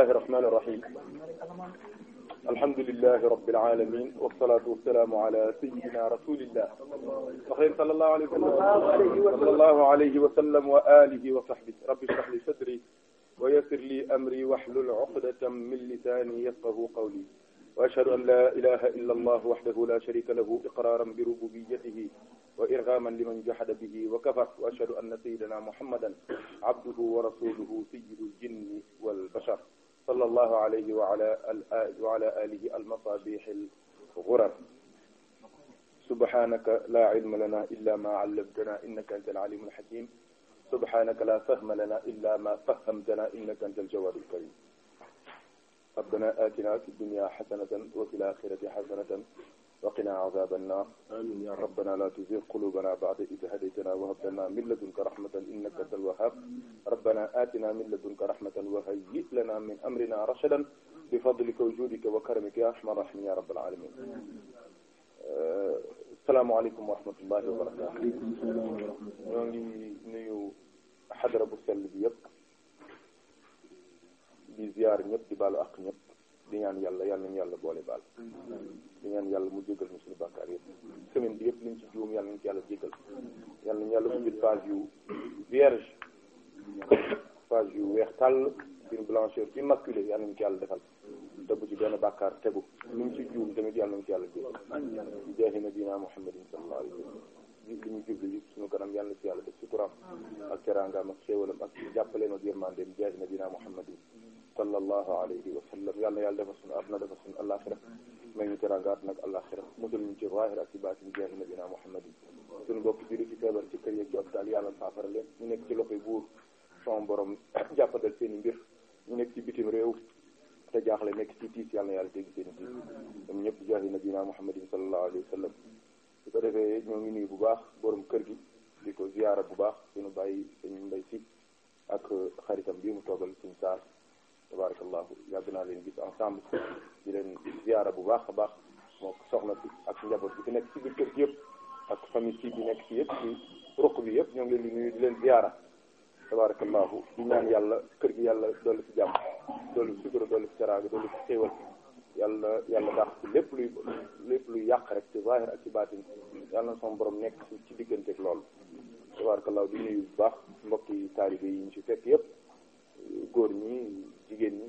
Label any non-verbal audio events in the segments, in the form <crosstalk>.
bismillahi rahmani irahim alhamdulilahi rabilalamin wasalatu wassalamu ala sayidina rasulillah waxeen sal allahu alayhi wa sallam sal allahu alayhi wa sallam wa alihi wa sahbi rabbi shrah li sadri wa yassir li amri wahlul uqdatan min lisani yafqahu qawli wa ashhadu an la ilaha illa allah wahdahu la sharika lahu iqraran bi rububiyyatihi wa irghaman liman jahada bihi wa kafar wa ashhadu anna sayyidana muhammadan abduhu wa rasuluhu sayyidul jinni wal bashar sallallahu alayhi wa ala alihi almasabih alghurar subhanaka la ilma lana illa ma allamtana innaka anta alalim alhakim subhanaka la fahma lana illa ma fahamtana innaka anta aljawad alkarim ربنا آتنا في الدنيا حسنة وفي الآخرة حسنة waqina azaba annar amin ya rabbana la tuzigh qulubana ba'da idh hadaytana wa hab lana min ladunka rahmatan innaka antal wahhab rabbana atina min ladunka rahmatan wa hayyi lana min amrina rashadan bi fadlika wa juudika wa karamika ya arhamar rahimin ya rabbal alamin salaamaaleykum wa rahmatullahi wa barakaatu ñoo ngi nuyu xadara bu sell bi yëpp di ziyaar ñëpp di baalu ak ñëpp di ñaan yàlla yàlla nañu yàlla boole baal di ñaan yàlla mu jégal ñu suñu bàkkaar yëpp semaine bi yëpp liñ ci juum yàlla nañ ci yàlla jégal yàlla nañu yàlla ubbil yu vierge page yu weex tàll une blancheur immaculée yàlla nañ ci yàlla defal te bu ci benn bàkkaar tegu liñ ci juum tamit yàlla nañ ci yàlla jégal jeexi na dinaa muhammadin sallallahu alayhi wa sallam jubli ñu jubli li suñu kanam yàlla ci yàlla def suturaam ak teraangaam ak xéewalam ak jàppaleem ak yërmandeem jaay nabina muhammadin sallallahu alayhi wa sallam yàlla yàlla defal suñu àdduna defal suñu àllaaxira may ñu teraangaat nag àllaaxira musul ñu ci zaahir ak ci baatin jaay nabina muhammadin suñu bopp juri ci feebar ci kër yeeg ci hôpital yàlla saafara leen ñu nekk ci loxoy buur son borom <coughs> jàppandal seen i mbir ñu nekk ci bitim réew te jaaxle nekk ci tiis yàlla yàlla dégg seen i tiis ñoom ñëpp jaay nabina muhammadin sallallahu alayhi wa sallam su ko defee ñoo ngi nuyu bu baax boroom kër gi di ko ziyaara bu baax suñu bàyyi suñu mbay si ak xaritam bii mu toogal suñu saar tabarakallahu yàgg naa leen gis ensemble di leen ziyaara bu baax a baax moo soxna si ak njaboot bi fi nekk ci biir kër gi yëpp ak famille si bi nekk ci yëpp ci rokk bi yëpp ñoo ngi leen di nuyu di leen ziyaara tabarakallahu di ñaan yàlla kër gi yàlla dolli si jàmm dolli si sutura dolli si teraanga dolli si xéewal yàlla yàlla dàq ci lépp luy lépp luy yàq rek ci zahir ak ci baatin yàlla na sama borom nekk ci digganteeg loolu tabarakallah di nuyu bu baax mbokki taalibe yi ñu ci fekk yépp góor ñi jigéen ñi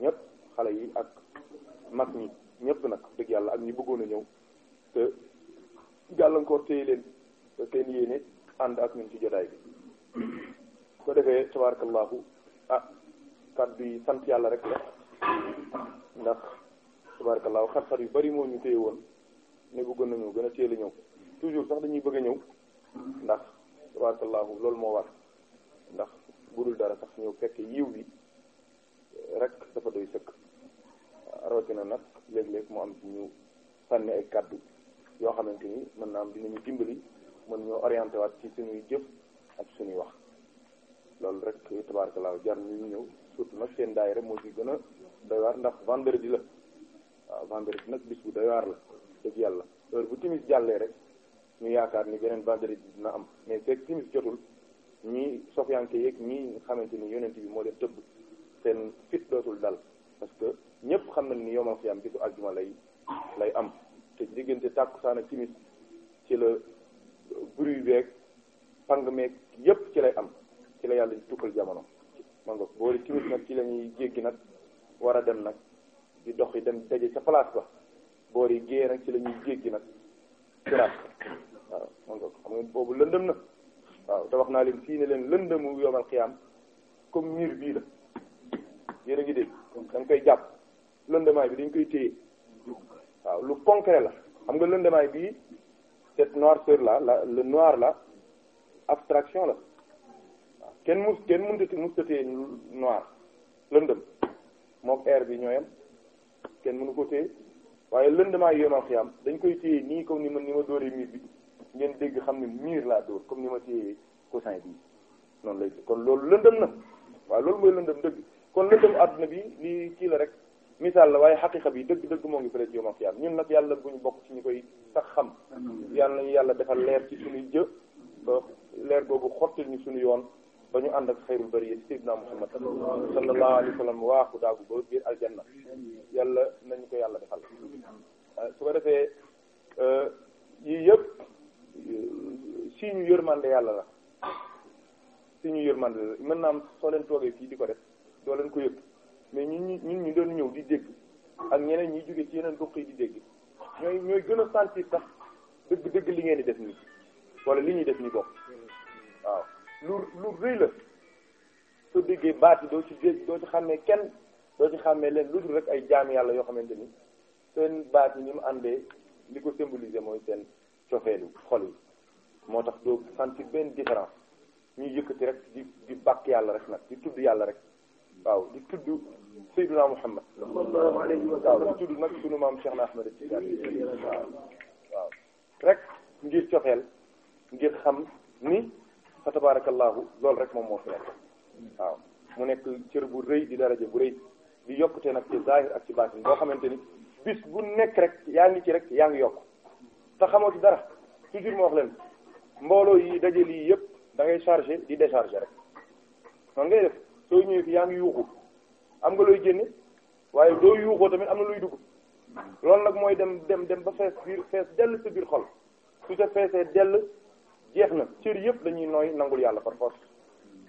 ñépp xale yi ak mag ñi ñépp nag dëgg yàlla ak ñi bëggoon a ñëw te gàllankoor téye leen te seen yéene ànd ak ñun ci jotaay bi ko defee tabarakallahu ah kàddu yi sant yàlla rek la ndax tabarakallah xat-xat yu bari moo ñu téye woon ne bëggoon nañu gën a teel a ñëw toujours sax dañuy bëgg a ñëw ndax tabarakallah loolu moo war ndax budul dara sax ñëw fekk yiw bi rek dafa doy sëkk rawatina nag léeg-léeg mu am ñu sànni ay kàddu yoo xamante ni mën naa am dinañu dimbali mën ñoo orienté waat ci suñuy jëf ak suñuy wax loolu rek tabarakallah jar ñu ñëw surtout nag seen daay rek moo ci gën a doy waar ndax vendredi la waaw vendredi nag bis bu doy waar la dëgg yàlla heure bu timis jàllee rek ñu yaakaar ni beneen vendredi dina am mais fekk timis jotul ñii sofiyanke yeeg ñii xamante ni yonent bi moo leen tëbb seen fit dootul dal parce que ñëpp xam na ni yomal xiyam bisu aljuma lay lay am te diggante tàkkusaan ak timis ci la bruit beeg pang meeg yëpp ci lay am ci la yàlla di tukkal jamono ma nga boori timis nag ci lañuy ñuy jéggi nag war a dem nag di dox yi dem daje ca place ba boor yi géey nag ci la ñuy jéggi nag siraat waaw moom nga boobu lëndëm na waaw te wax naa leen fii ne leen lëndëmu yomal xiyaam comme miir bii la yéen a ngi dégg koy jàpp lëndëmaay bi dañ koy téye waaw lu concret la xam nga lëndëmaay bii cette noirceur là la le noir là abstraction la waaw kenn mus kenn mënut a noir lëndëm mook air bi ñooyam kenn mënu ko téye waaye lëndamaay yomal xiyam dañ koy téye nii comme ni man ni ma dóoree miir bi ngeen dégg xam ne miir laa dóor comme ni ma téye coussin bi noonu lay kon loolu lëndëm na waaw loolu mooy lëndëm dëgg kon lëndëm àdduna bi lii kii la rek misaal la waaye xaqiqa bi dëgg dëgg moo ngi fële ci yomal xiyam ñun nag yàlla bu ñu bokk ci ñu koy sax xam yàlla nañu yàlla defal leer ci suñuy jë ba leer boobu xottil ñu suñu yoon ba ñu ànd ak xayrul bariyati sayyidina Muhammad sallallahu alayhi wa sallam waaxu daagu ba biir aljanna yàlla nañu ko yàlla defal ah, su ko defee euh, yii yëpp si ñu yërmande yàlla la si ñu yërmande la mën naa am soo leen toogee fii di ko def doo leen ko yëg mais ñun ñu ñun ñu doon ñëw di dégg ak ñeneen ñi jóge ci yeneen duq yi di dégg ñooy ñooy gën a sentir sax dëgg dëgg li ngeen di def nii wala li ñuy def nii bokk waaw lu lu rëy la soo déggee baat yi doo ci dégg doo ci xàmmee kenn doo ci xàmmee leen lu dul rek ay jaam yàlla yoo xamante ni seen baat yi ni mu àndee li ko symboliser mooy seen cofeelu xol yi moo tax doo sentir benn différence ñuy yëkkati rek di di bàkk yàlla rek nag di tudd yàlla rek waaw di tudd Seydina Muhammad sallallahu na Ahmed Tidiane waaw waaw rek ngir cofeel ngir xam ni fa tabarakallahu loolu rek moom moo fi nekk waaw mu nekk cër bu rëy di daraja bu rëy di yokkute nag ci zahir ak ci baatin boo xamante ni bis bu nekk rek yaa ngi ci rek yaa ngi yokk te xamoo ci dara toujours moo wax leen mbooloo yi daje lii yëpp da ngay chargé di déchargé rek noonu ngay def soo ñëwee fi yaa ngi yuuxu am nga looy génne waaye doo yuuxoo tamit am na luy dugg loolu nag mooy dem dem dem ba fees biir fees dell sa biir xol su ca feesee dell jeex na cër yëpp dañuy nooy nangul yàlla par force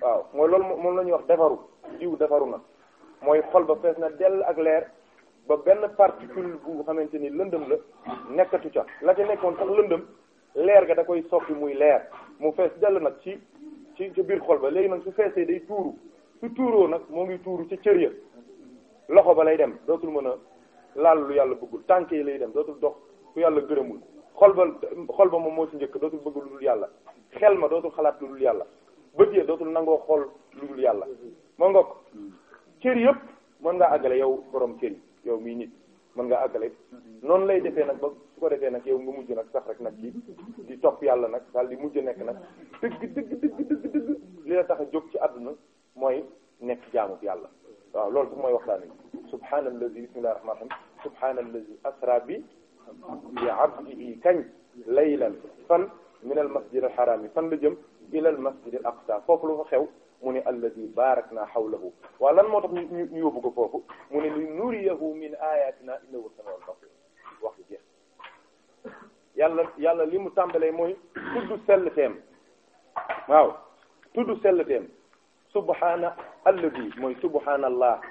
waaw mooy loolu moom la ñuy wax defaru diw defaru na mooy xol ba fees na dell ak leer ba benn particule bu xamante ni lëndëm la nekkatu ca la ca nekkoon sax lëndëm leer ga da koy soppi muy leer mu fees dell nag ci ci ci biir xol ba léegi nag su feesee day tuuru su tuuroo nag moo ngi tuuru ci cër ya loxo ba lay dem dootul mën a laal lu yàlla bëggul tànk yi lay dem dootul dox ku yàlla gërëmul xol ba xol ba moom moo ci njëkk dootul bëgg lu dul yàlla xel ma dootul xalaat lu dul yàlla bët ya dootul nangoo xool lu dul yàlla ma ngoog cër yëpp mën ngaa àggale yow borom cër yi yow mii nit mën nga àggale noonu lay defee nag ba su ko defee nag yow nga mujj nag sax rek nag di di topp yàlla nag daal di mujj nekk nag dëgg dëgg dëgg dëgg dëgg li la tax a jóg ci àdduna mooy nekk jaamu yàlla waaw loolu sax mooy waxtaan wi subhaanallazi bismillahir rahmanir rahim subhaanallazi bi abdihi kañ laylan fan min al masjid al haram fan la jëm ila al masjid al aqsa foofu lu fa xew mu ne alladi baarakna hawlahu waaw lan moo tax ñu ñu yóbbu ko foofu mu ne li nuriyahu min ayatina innahu samiul basir wax jeex yàlla yàlla li mu tàmbalee mooy tudd sell teem waaw tudd sell teem subhaana alladi mooy subhaanallah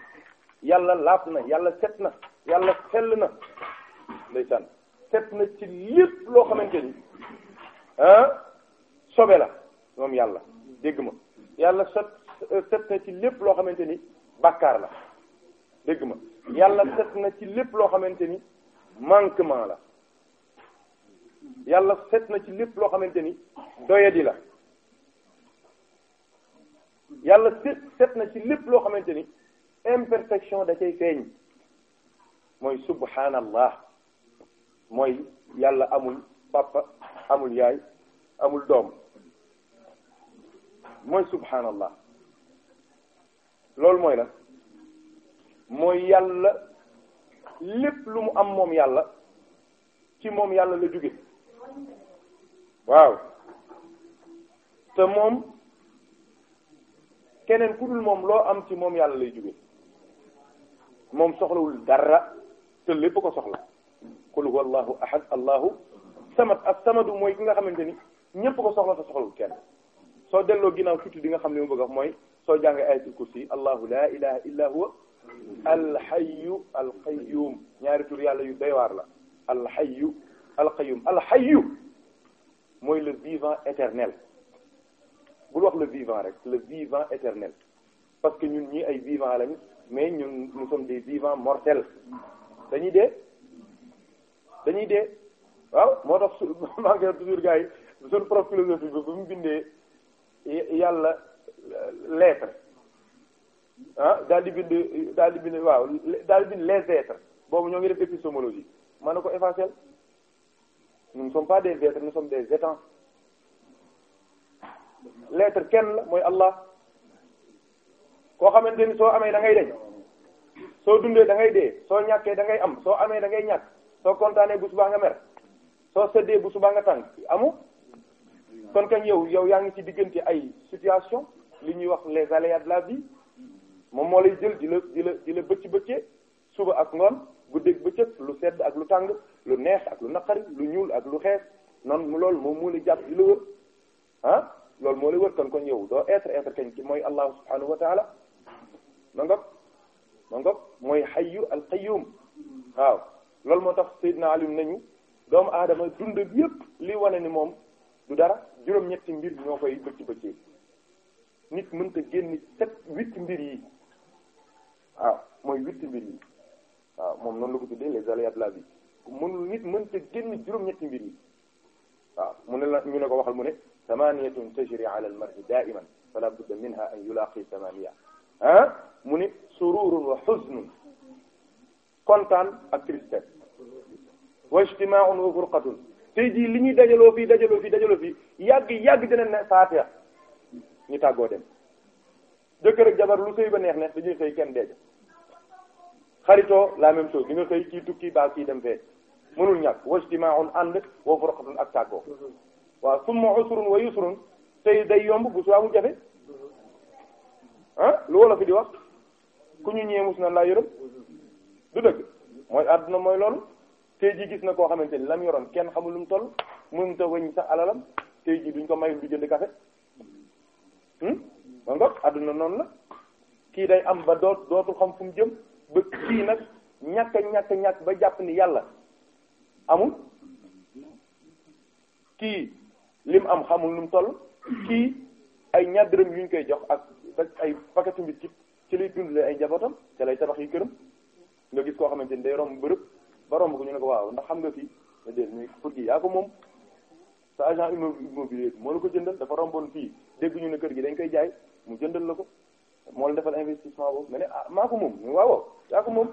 yàlla laab na yàlla set na yàlla sell na sibtan set na ci lépp loo xamante ni ah sobe la moom yàlla dégg ma yàlla set set na ci lépp loo xamante ni bàkkaar la dégg ma yàlla set na ci lépp loo xamante ni manquement la yàlla set na ci lépp loo xamante ni doyadi la yàlla set set na ci lépp loo xamante ni imperfection da cay feeñ mooy subhanallah mooy yàlla amul papa amul yaay amul doom mooy subhanallah loolu mooy la mooy yàlla lépp lu mu am moom yàlla ci moom yàlla la jóge waaw te moom keneen ku moom loo am ci moom yàlla lay jóge moom soxlawul dara te lépp ko soxla qul huwa allahu ahad allahu samad ak samadu mooy ki nga xamante ni ñépp ko soxla te soxlawul kenn soo delloo ginnaaw tuuti di nga xam li mu bëgg a wax mooy soo jàngee ayatul kursi allahu la ilaha illa huwa alxayu alqayum ñaari tur yàlla yu doy waar la alxayu alqayum alxayu mooy le vivant éternel bul wax le vivant rek le vivant éternel parce que ñun ñi ay vivants lañ mais ñun nous sommes des vivants mortels dañuy dee dañuy dee waaw moo tax su <laughs> maa ngi toujours gars yi philosophie bi bu mu bindee yàlla euh, lettre ah daal di bind daal di bind waaw daal bind les êtres boobu ñoo ngi def épistémologie man na ko effacer nous ne sommes pas des êtres nous sommes des étangs lettre kenn la mooy Allah koo xamante ni soo amee da deñ soo dundee dangay ngay dee soo ñàkkee da ngay am soo amee da ngay ñàkk soo kontaanee bu subaa nga mer soo seddee bu subaa nga tànk amu kon kañ yow yaa ngi ci diggante ay situation li ñuy wax les aléas de la vie moom moo lay jël di la di la bëcc bëccee suba ak ngoon guddeeg bëccëg lu sedd ak lu tàng lu neex ak lu naqari lu ñuul ak lu xees noonu lool moom moo lay jàpp di la wër ah loolu moo lay wër kon kon yow doo être être kañ ci mooy allah subhanahu wa taala mooy xayu al waaw loolu moo tax seyd Seydina Ali nañu doomu aadama dund yépp li wala ni moom du dara juróom-ñetti mbir ñoo koy bëcc bëccee nit mënta génn sept huit mbir yi waaw mooy huit mbir yi waaw moom noonu la ko tuddee les aléas de la vie mënul nit mënta génn juróom-ñetti mbir yi waaw mu ne la ñu ne ko waxal mu ne samaniyatun tajri ala al mar'i da'iman fala budda minha an yulaqi samaniya ah mu ne sururun wa huznun kontaan ak tristesse wa ijtimaa'un wa furqatun tey jii li ñuy dajaloo fii dajaloo fii dajaloo fii yàgg yàgg dina ne faatiha ñu tàggoo dem jëkkër ak jabar lu sëy ba neex neex dañuy sëy kenn deeja xaritoo la même chose di nga sëy kii tukki baa kii dem fee mënul ñàkk wa ijtimaa'un ànd wa furqatun ak tàggoo waaw summa usrun wa yusrun sëy day yomb bu suwaa mu jafe ah lu wolof di wax ku ñu ñëwee mus na laa yërëm du dëgg mooy àdduna mooy loolu tey ji gis na koo xamante ni lam yoroon kenn xamul lu mu toll mënu ta wëñ sax alalam tey ji duñ ko mayul du jënd café ma hmm? nga àdduna noonu la kii day am ba doot dootul xam fu mu jëm ba kii nag ñàkk a ñàkk ba jàpp ni yàlla amul kii lim am xamul nu mu toll kii ay ñaar dërëm koy jox ak ay paquetu mbit ci ci lay dundale ay njabootam ci lay tabax yu këram ne day romb bërëb ba romb ko ñu ne ko waaw ndax xam nga fii nga dégg mais kër gi yaa ko moom sa agent immobilier bi moo la ko jëndal dafa romboon fii dégg ñu ne kër gi dañ koy jaay mu jëndal la ko moo la defal investissement boobu ne ah maa ko moom ñu waaw yaa ko moom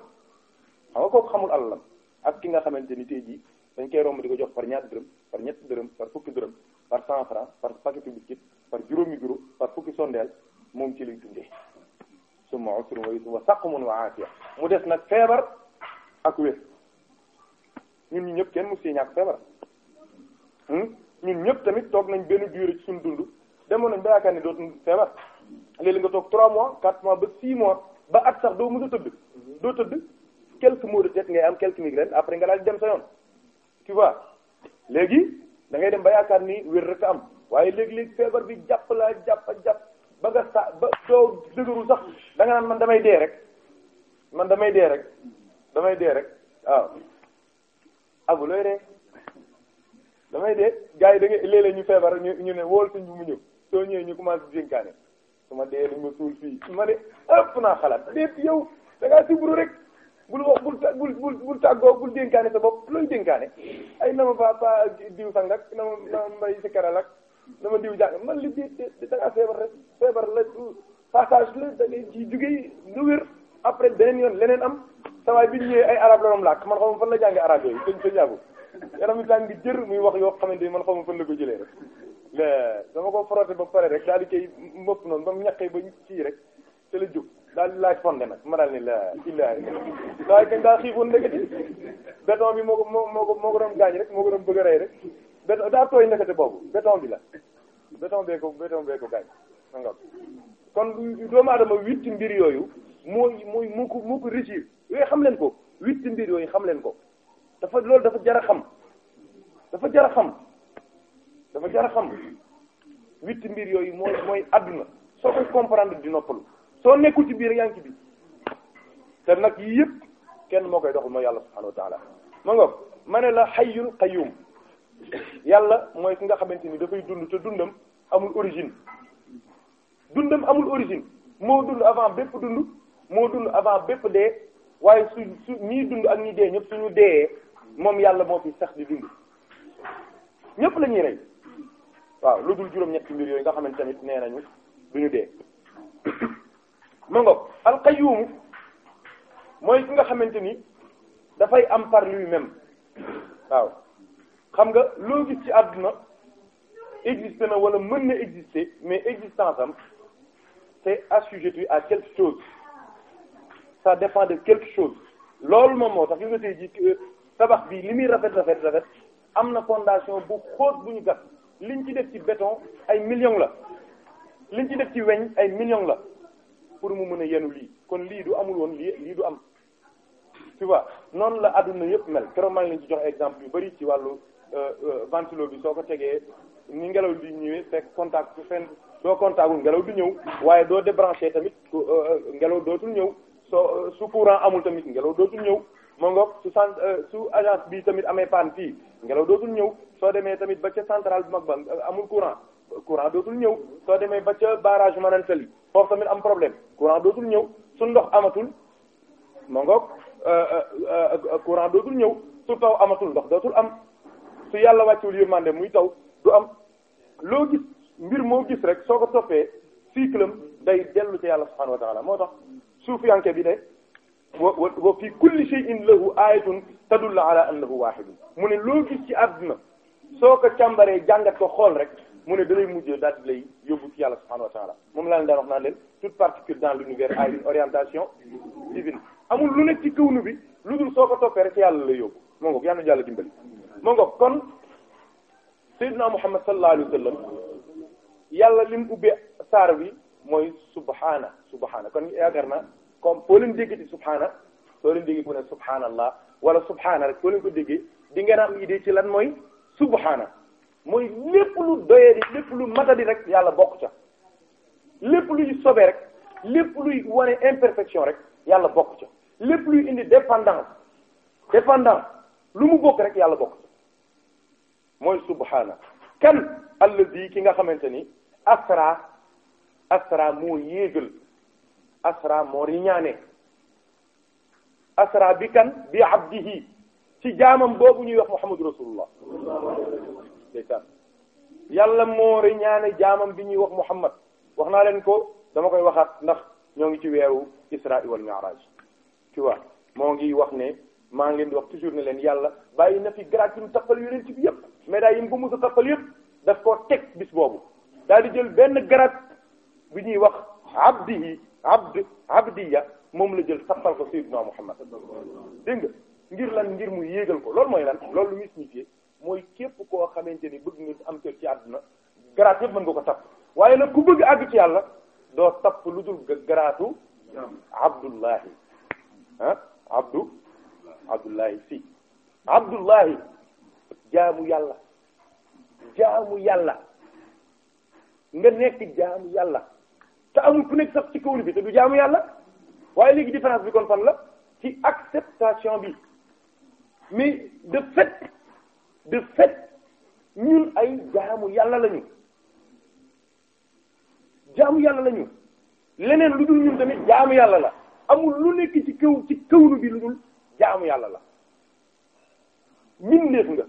xam nga kooku xamul alalam ak ki nga xamante ni tey jii dañ koy romb di ko jox par ñaat dërëm par ñetti dërëm par fukki dërëm par cent francs par paquet biscuit par juróomi duro par fukki sondeel moom ci lay dundee suma usrun wa yusra wa saqmun ak wér ñun ñu ñëpp kenn mu si ñàkk feebar hmm? ñun ñëpp tamit toog nañ benn durée ci suñ dund demoon nañ ba yaakaar ne dootuñu feebar léeg nga toog 3 mois 4 mois ba 6 mois ba at sax doo mën a tëdd mhm. doo tëdd quelques maux ngay am quelques migraines après nga daal di dem sa yoon tu vois léegi dangay dem ba yaakaar ni wér rek am waaye léegi-léegi feebar bi jàpp laa jàpp jàpp ba nga sa ba doo dëgëru sax da nga naan man damay dee rek man damay damay dee rek waaw abu looy damay dee gaa yi da ngay ñu feebar ñu ñu ne wool suñ bu mu ñëw soo ñëwee ñu commencé jénkaane su ma dee dañ ma suul fii ma ëpp naa xalaat déet yow da ngaa sibru rek bul wax bul bul bul bul tàggoo bul dénkaane sa bopp looy dénkaane ay na ma ba ba diw sang ak ma na ma mbay si karal ak ma diw jàng man li di da ngaa feebar rek feebar la passage la da ngay ci jugee nga wér après beneen yoon leneen am sawaay bi ñu ñëwee ay arab la doon làkk man xaw ma fan la jàngi arab yooyu sëñ sëñ yàggu yaram islam ngi jër muy wax yoo xamante ni man xaw ma fan la ko jëlee rek mais dama ko frotté ba pare rek daal di koy mëpp noonu ba mu ñaqee ba ci rek te la jóg daal di laaj fondé nag ma daal ni la illaahi waaye kañ daa xiifoon ndekete béton bi moo ko moo ko moo ko doon gaañ rek moo ko doon bëgg a rey rek béton daa tooy ndekete boobu béton bi la béton bee ko béton bee ko gaañ nga kon doomu aadama witti mbir yooyu moo moo moo ko moo ko réussir yooyu xam leen ko huit ci mbir yooyu xam leen ko dafa loolu dafa jar a xam dafa jar a xam dafa jar a xam huit mbir yooyu mooy mooy adduna soo koy comprendre di noppalu soo nekkul ci biir yaa ngi te nag yii yëpp kenn moo koy doxal mooy yàlla subhanahu wa taala ma nga ma la xayyul qayyum yàlla mooy ki nga xamante ni dafay dund te dundam amul origine dundam amul origine moo dund avant bépp dund moo dund avant bépp dee waaye su su ñiy dund ak ñi dee ñëpp suñu dee moom yàlla moo fi sax di dund ñëpp la ñuy rey waaw lu dul juróom-ñetti mbir yooyu nga xamante tamit nee nañu du ñu dee <coughs> ma ngoog mooy ki nga xamante ni dafay am par yu même waaw xam nga loo gis ci àdduna existé na wala mën na exister mais existence am c'est assujetti à quelque chose ça dépend de quelque chose loolu moom moo tax li nga tey ji euh, tabax bi li muy rafet rafet rafet am na fondation bu xóot bu ñu gas liñ ci def ci béton ay millions la liñ ci def ci weñ ay millions la pour mu mën a yenu lii kon lii du amul woon lii lii du am tu vois noonu la àdduna yëpp mel keroog maa ngi leen ci jox exemple yu bari ci wàllu euh, euh, ventilo bi soo ko tegee ni ngelaw li ñëwee fekk contact fenn soo contactul ngelaw du ñëw waaye doo débranché tamit ngelaw dootul ñëw soo su courant amul tamit ngelaw dootul ñëw moo su cent euh, su agence bi tamit amee panne fii ngelaw dootul ñëw soo demee tamit ba ca centrale bu mag ba euh, amul courant courant dootul ñëw soo demee ba ca barrage Manantali foofu tamit am problème courant dootul ñëw su ndox amatul moo euh, courant dootul ñëw su taw amatul ndox dootul am su yàlla wàccul yërmande muy taw du am loo gis mbir moo gis rek soo ko toppee cycle am day dellu ci yàlla subhanahu wa taala moo tax suufiyanke bi de wa wa fi kulli shay'in lahu ayatun tadullu ala annahu wahidun mu ne loo gis ci àdduna soo ko càmbaree jàngat ko xool rek mu ne dalay mujjee daal di lay yóbbu ci yàlla subhanahu wa moom laa leen daan wax naan leen toute particule dans l'univers a une orientation divine amul lu nekk ci kawnu bi lu dul soo ko toppee rek ci yàlla lay yóbbu moo ngoog yàlla yàlla dimbali moo ngoog kon sayyidina Muhammad sallallahu alayhi wa sallam mooy subhana subhana kon yaakaar na comme foo leen dégg ci subhana soo leen déggee ku ne subhanallah wala subhana rek foo leen ko di ngeen am idée ci lan mooy subhana mooy lépp lu doyee di lu matadi rek yàlla bokk ca lépp luy sobe rek lépp luy wane imperfection rek yàlla bokk ca lépp luy indi dépendance dépendance lu mu bokk rek yàlla bokk ca mooy subhana kan allazi ki nga xamante ni asra asra moo yéegal asra moo riñaane asra bi kan bi abdihi ci jaamam boobu ñuy wax muhammadu rasulullah ndeysaan yàlla moo riñaane jaamam bi ñuy wax muhammad wax naa leen ko dama koy waxaat ndax ñoo ngi ci weeru isra wal mi'raj tu moo ngi wax ne maa ngi leen di wax toujours ne leen yàlla bàyyi na fi garaat yi mu tappal yonent bi yëpp médailles yi mu ko mos a tappal yëpp daf koo teg bis boobu daal di jël benn garaat bi ñuy wax abdihi abd abdiya moom la jël sappal ko sayyidina Muhammad dégg nga ngir lan ngir mu yéegal ko loolu mooy lan loolu lu muy signifié mooy képp koo xamante ni bëgg nga am kër ci na garaat yëpp mën nga ko tapp waaye nag ku bëgg àgg ci yàlla doo tapp lu dul garaatu abdullahi ah abdu abdullahi si abdullahi jaamu yàlla jaamu yàlla nga nekk jaamu yàlla te amul ku nekk sax ci kawlu bi te du jaamu yàlla waaye léegi différence bi kon fan la ci acceptation bi mais de fait de fait ñun ay jaamu yàlla lañu jaamu yàlla lañu leneen lu dul ñun tamit jaamu yàlla la amul lu nekk ci kaw ci kawlu bi lu dul jaamu yàlla la mbindeef nga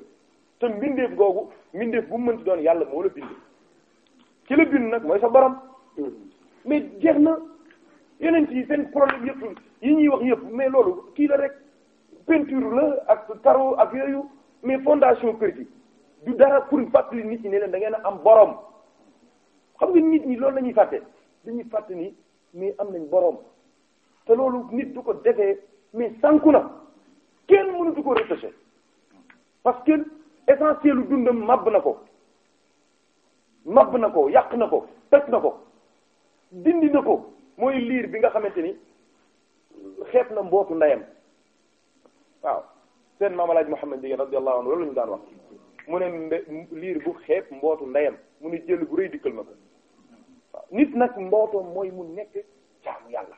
te mbindeef googu mbindeef bu mu mënti doon yàlla moo la bind ki la bind nag mooy sax borom mais jeex na yeneen yi seen problème yëpp yi ñuy wax yëpp mais loolu kii la rek peinture la ak carreau ak yooyu mais fondation kër gi du dara pour fàttali nit ñi ne leen da ngeen a am borom xam nga nit ñi loolu la ñuy fàtte dañuy fàtte ni mais am nañ borom te loolu nit du ko defee mais sànku na kenn du ko rechercher parce que essentiel lu dundam màbb na ko màbb na ko yàq na ko toj na ko. dindi na ko mooy liir bi nga xamante ni xeet na mbootu ndeyam waaw seen maam Alaaji Muhammad Ndieguène radiyallahu anhu loolu la ñu daan wax mu ne liir bu xeeb mbootu ndeyam mu ne jël bu rëy dikkal na ko nit nag mbootoom mooy mu nekk jaamu yàlla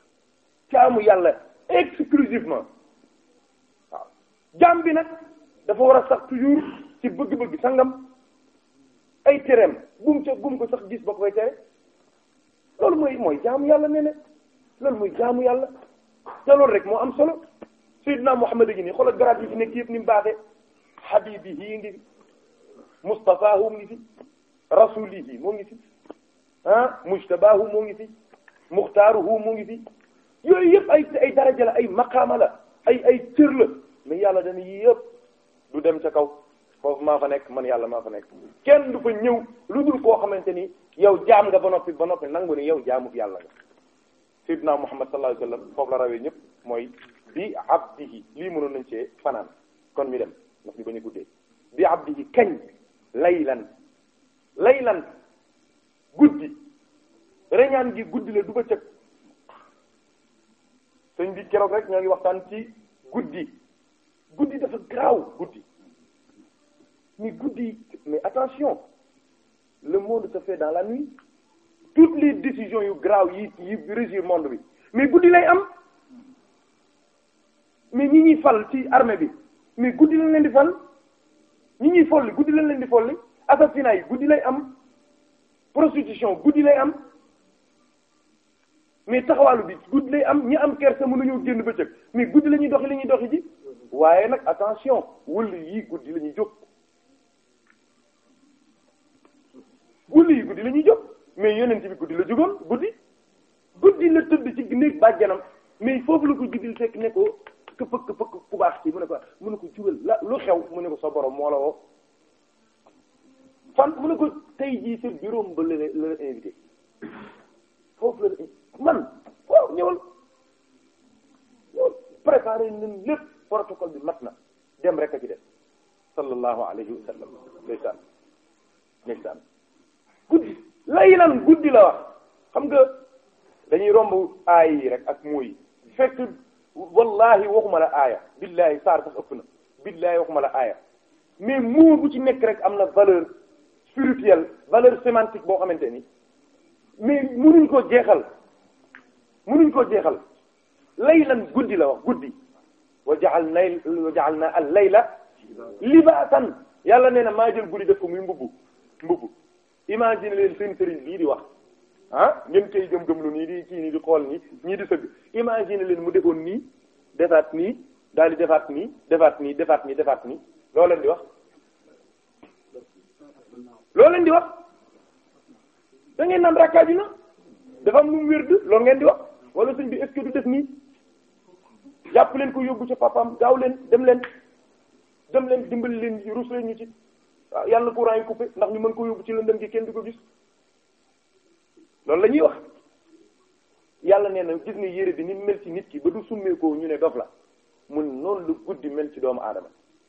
jaamu yàlla exclusivement waaw jaam bi nag dafa war a sax toujours ci bëgg-bëgg sangam ay tereem gum ca gum ko sax gis ba ko tere loolu mooy mooy jaamu yàlla nee na mooy jaamu yàlla te rek moo am solo Seydina Muhammad a ngi nii xoolal garaat yi fi nekk yëpp ni mu baaxee habibihi ngi fi mustafaahu ngi fi rasulihi moo ngi fi ah mujtabaahu moo ngi fi muxtaaruhu moo ngi fi yooyu yëpp ay ay daraja ay maqaama ay ay cër la mais yàlla dana yii yëpp du dem ca kaw foofu maa fa nekk man yàlla maa fa nekk kenn du fa ñëw lu dul koo xamante ni yow jaam nga ba noppi ba noppi nangu ni yow jaamub yàlla nga sayyidina Muhammad sallallahu alayhi foofu la rawee ñëpp mooy bi abdihi lii mënoon nañ cee fanaan kon ñu dem ndax ñu bañ a guddee bi abdihi kañ laylan laylan guddi reñaan gi guddi la du ba cëg sëñ bi keroog rek ñoo ngi waxtaan ci guddi guddi dafa garaaw guddi mais guddi mais attention le monde se fait dans la nuit toutes les décisions yu grave yi yi régir monde bi mais guddi lay am mais ñi ñuy fal ci armée bi mais guddi lañ leen di fal ñi ñuy folli guddi lañ leen di folli assassinat yi guddi lay am prostitution guddi lay am mais taxawaalu bi guddi lay am ñi am kersa mënuñoo génn bëccëg mais guddi la ñuy doxi la ñuy doxi ji waaye nag attention wëll yii guddi la ñuy jóg wuli yi guddi la ñuy jóg mais yonent bi guddi la jógoon guddi guddi la tëdd ci néeg bàjjanam mais foofu la ko guddi fekk ne ko këpp ku baax ci mu ne ko mu ne ko jugal la lu xew mu ne ko sa borom moo la woo fan mu ne ko tey jii sa juróom ba la la la la la man waaw ñëwal préparé nañ lépp protocole bi mat na dem rek a ci def sallallahu alayhi wa sallam ndeysaan ndeysaan guddi laylan guddi la wax xam nga dañuy romb aay yi rek ak mooy fekk wallahi waxuma la aaya billahi saar sax ëpp na billahi waxuma la aaya mais mu bu ci nekk rek am na valeur spirituelle valeur sémantique boo xamante ni mais nuñ ko jeexal munuñ ko jeexal laylan guddi la wax guddi wa ja'alna wa ja'alna al-layla libasan yàlla nee na maa jël guddi def ko muy mbubb mbubb imagine leen seen sëriñ bii di wax ah ngeen koy gëm-gëm lu nii di kii nii di xool nii ñii di sëgg imagine leen mu defoon nii defaat nii daal di defaat nii defaat nii defaat nii defaat nii loo leen di wax loo di wax dangeen naan rakkaaju na dafa am lu mu wér loolu ngeen di wax wala sëñ bi est-ce que du def nii jàpp leen ko yóbbu ci papam gaaw leen dem leen dem leen dimbali leen rus leen ñu ci waaw ah, yàlla na courant coupé ndax ñu mën ko yóbbu ci lëndëm gi kenn du ko gis loolu la ñuy wax yàlla nee na gis nga yére bi ni mel ci nit ki ba du summeekoo ñu ne dof la mun noonu la guddi mel ci doomu aadama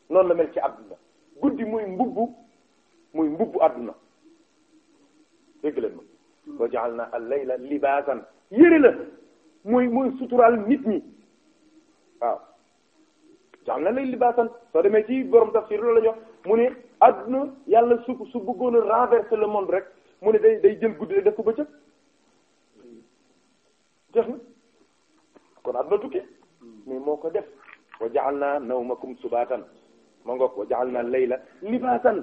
noonu la mel ci àdduna guddi muy mbubbu muy mbubbu àdduna dégg leen ma wa ja'alna al-layla libaasan yére la muy muy suturaal nit ñi waaw ja'alna al-layla libaasan soo demee ci borom tafsir loolu la mu ne adduna yàlla su su bëggoona a renverser le monde rek mu ne day day jël guddi def ko bëccëg jeex na kon adduna tukki mais moo ko def wa ja'alna nawmakum subatan ma ngoog wa ja'alna layla libasan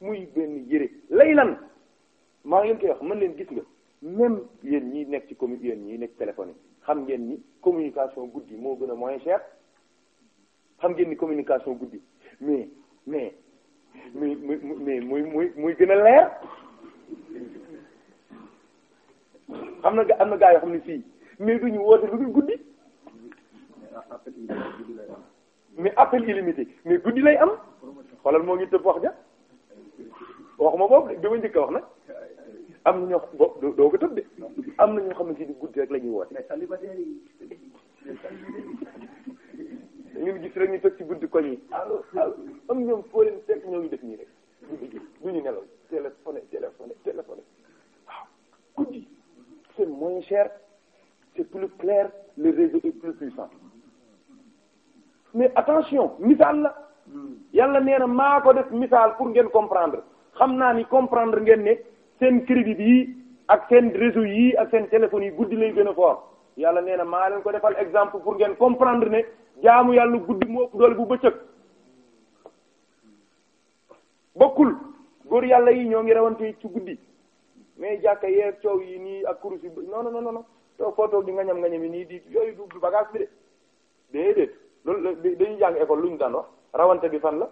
muy benn yére laylan maa ngi leen koy wax mën leen gis nga même yéen ñi nekk ci commu yéen ñi nekk téléphone yi xam ngeen ni communication guddi moo gën a moins cher xam ngeen ni communication guddi mais mais muy muy muy muy muy muy gën a leer xam na am na gaa yoo xam ne fii mais duñu woote lu dul guddi mais appel illimité mais guddi lay am xoolal moo ngi tëb wax ja waxuma boobu bi ma njëkk a wax nag am na ñoo xam boobu doo ko tëb de am na ñoo xam ne si guddi rek la ñuy woote ñun gis rek ñu toog ci buntu koñ yi am ñoom foo leen fekk ñoo ngi def nii rek guddi gi du ñu nelaw téléphoné téléphoné téléphoné waaw guddi c'est moins cher c'est plus clair le réseau est plus puissant mais attention misaal la yàlla nee na maa ko def misaal pour ngeen comprendre xam naa ni comprendre ngeen ne seen crédit yi ak seen réseau yi ak seen téléphone yi guddi lay gën a fort yàlla nee na maa leen ko defal exemple pour ngeen comprendre ne jaamu yàlla guddi moo doole bu bëccëg bokkul góor yàlla yi ñoo ngi rawante ci guddi mais jàkka yeeg coow yi nii ak kurus yi non non non non toog foo toog di nga ñam nga ñam nii di yooyu du bagage bi de déedéet loolu dañuy jàng école lu ñu daan wax rawante bi fan la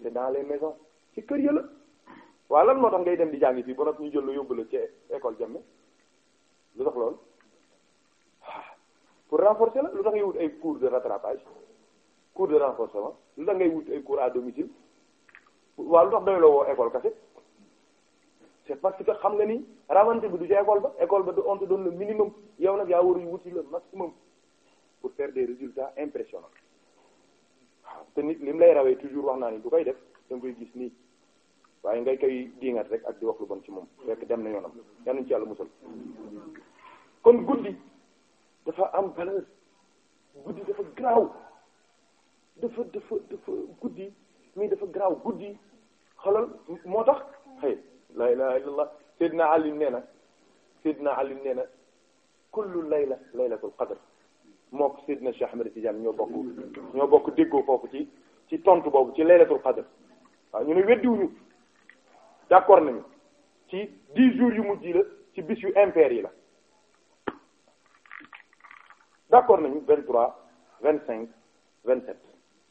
de dans les maisons ci kër ya la waaw lan moo tax ngay dem di jàngi i ba noppi ñu jël la yóbbu la ci école jàmme lu tax loolu pour renforcer la lu tax ngay wut ay cours de rattrapage cours de renforcement lu tax ngay wut ay cours à domicile waaw lu tax doy woo école kese c'est parce que xam nga ni ravante bi du ca école ba école ba on te donne le minimum yow nag yaa war a wuti le maximum pour faire des résultats impressionnants waaw te nit li lay rawee toujours wax naa ni du koy def da nga koy gis nii waaye ngay koy diingat rek ak di wax lu bon ci moom fekk dem na yoonam yal nañu ci yàlla dafa am valeur guddi dafa garaaw dafa dafa dafa guddi mii dafa garaaw guddi xolal moo tax xëy la ilaha na Seydina Ali nee na Seydina Ali nee na kullu layla laylatul qadr moo ko Seydina Cheikh Ahmed Tidiane ñoo bokk ñoo bokk déggoo foofu ci ci tontu boobu ci laylatul qadr waaw ñu ne weddiwuñu d'accord nañu ci dix jours yu mujj la ci bis yu impair yi la d'accord nañu vingt trois vingt cinq vingt sept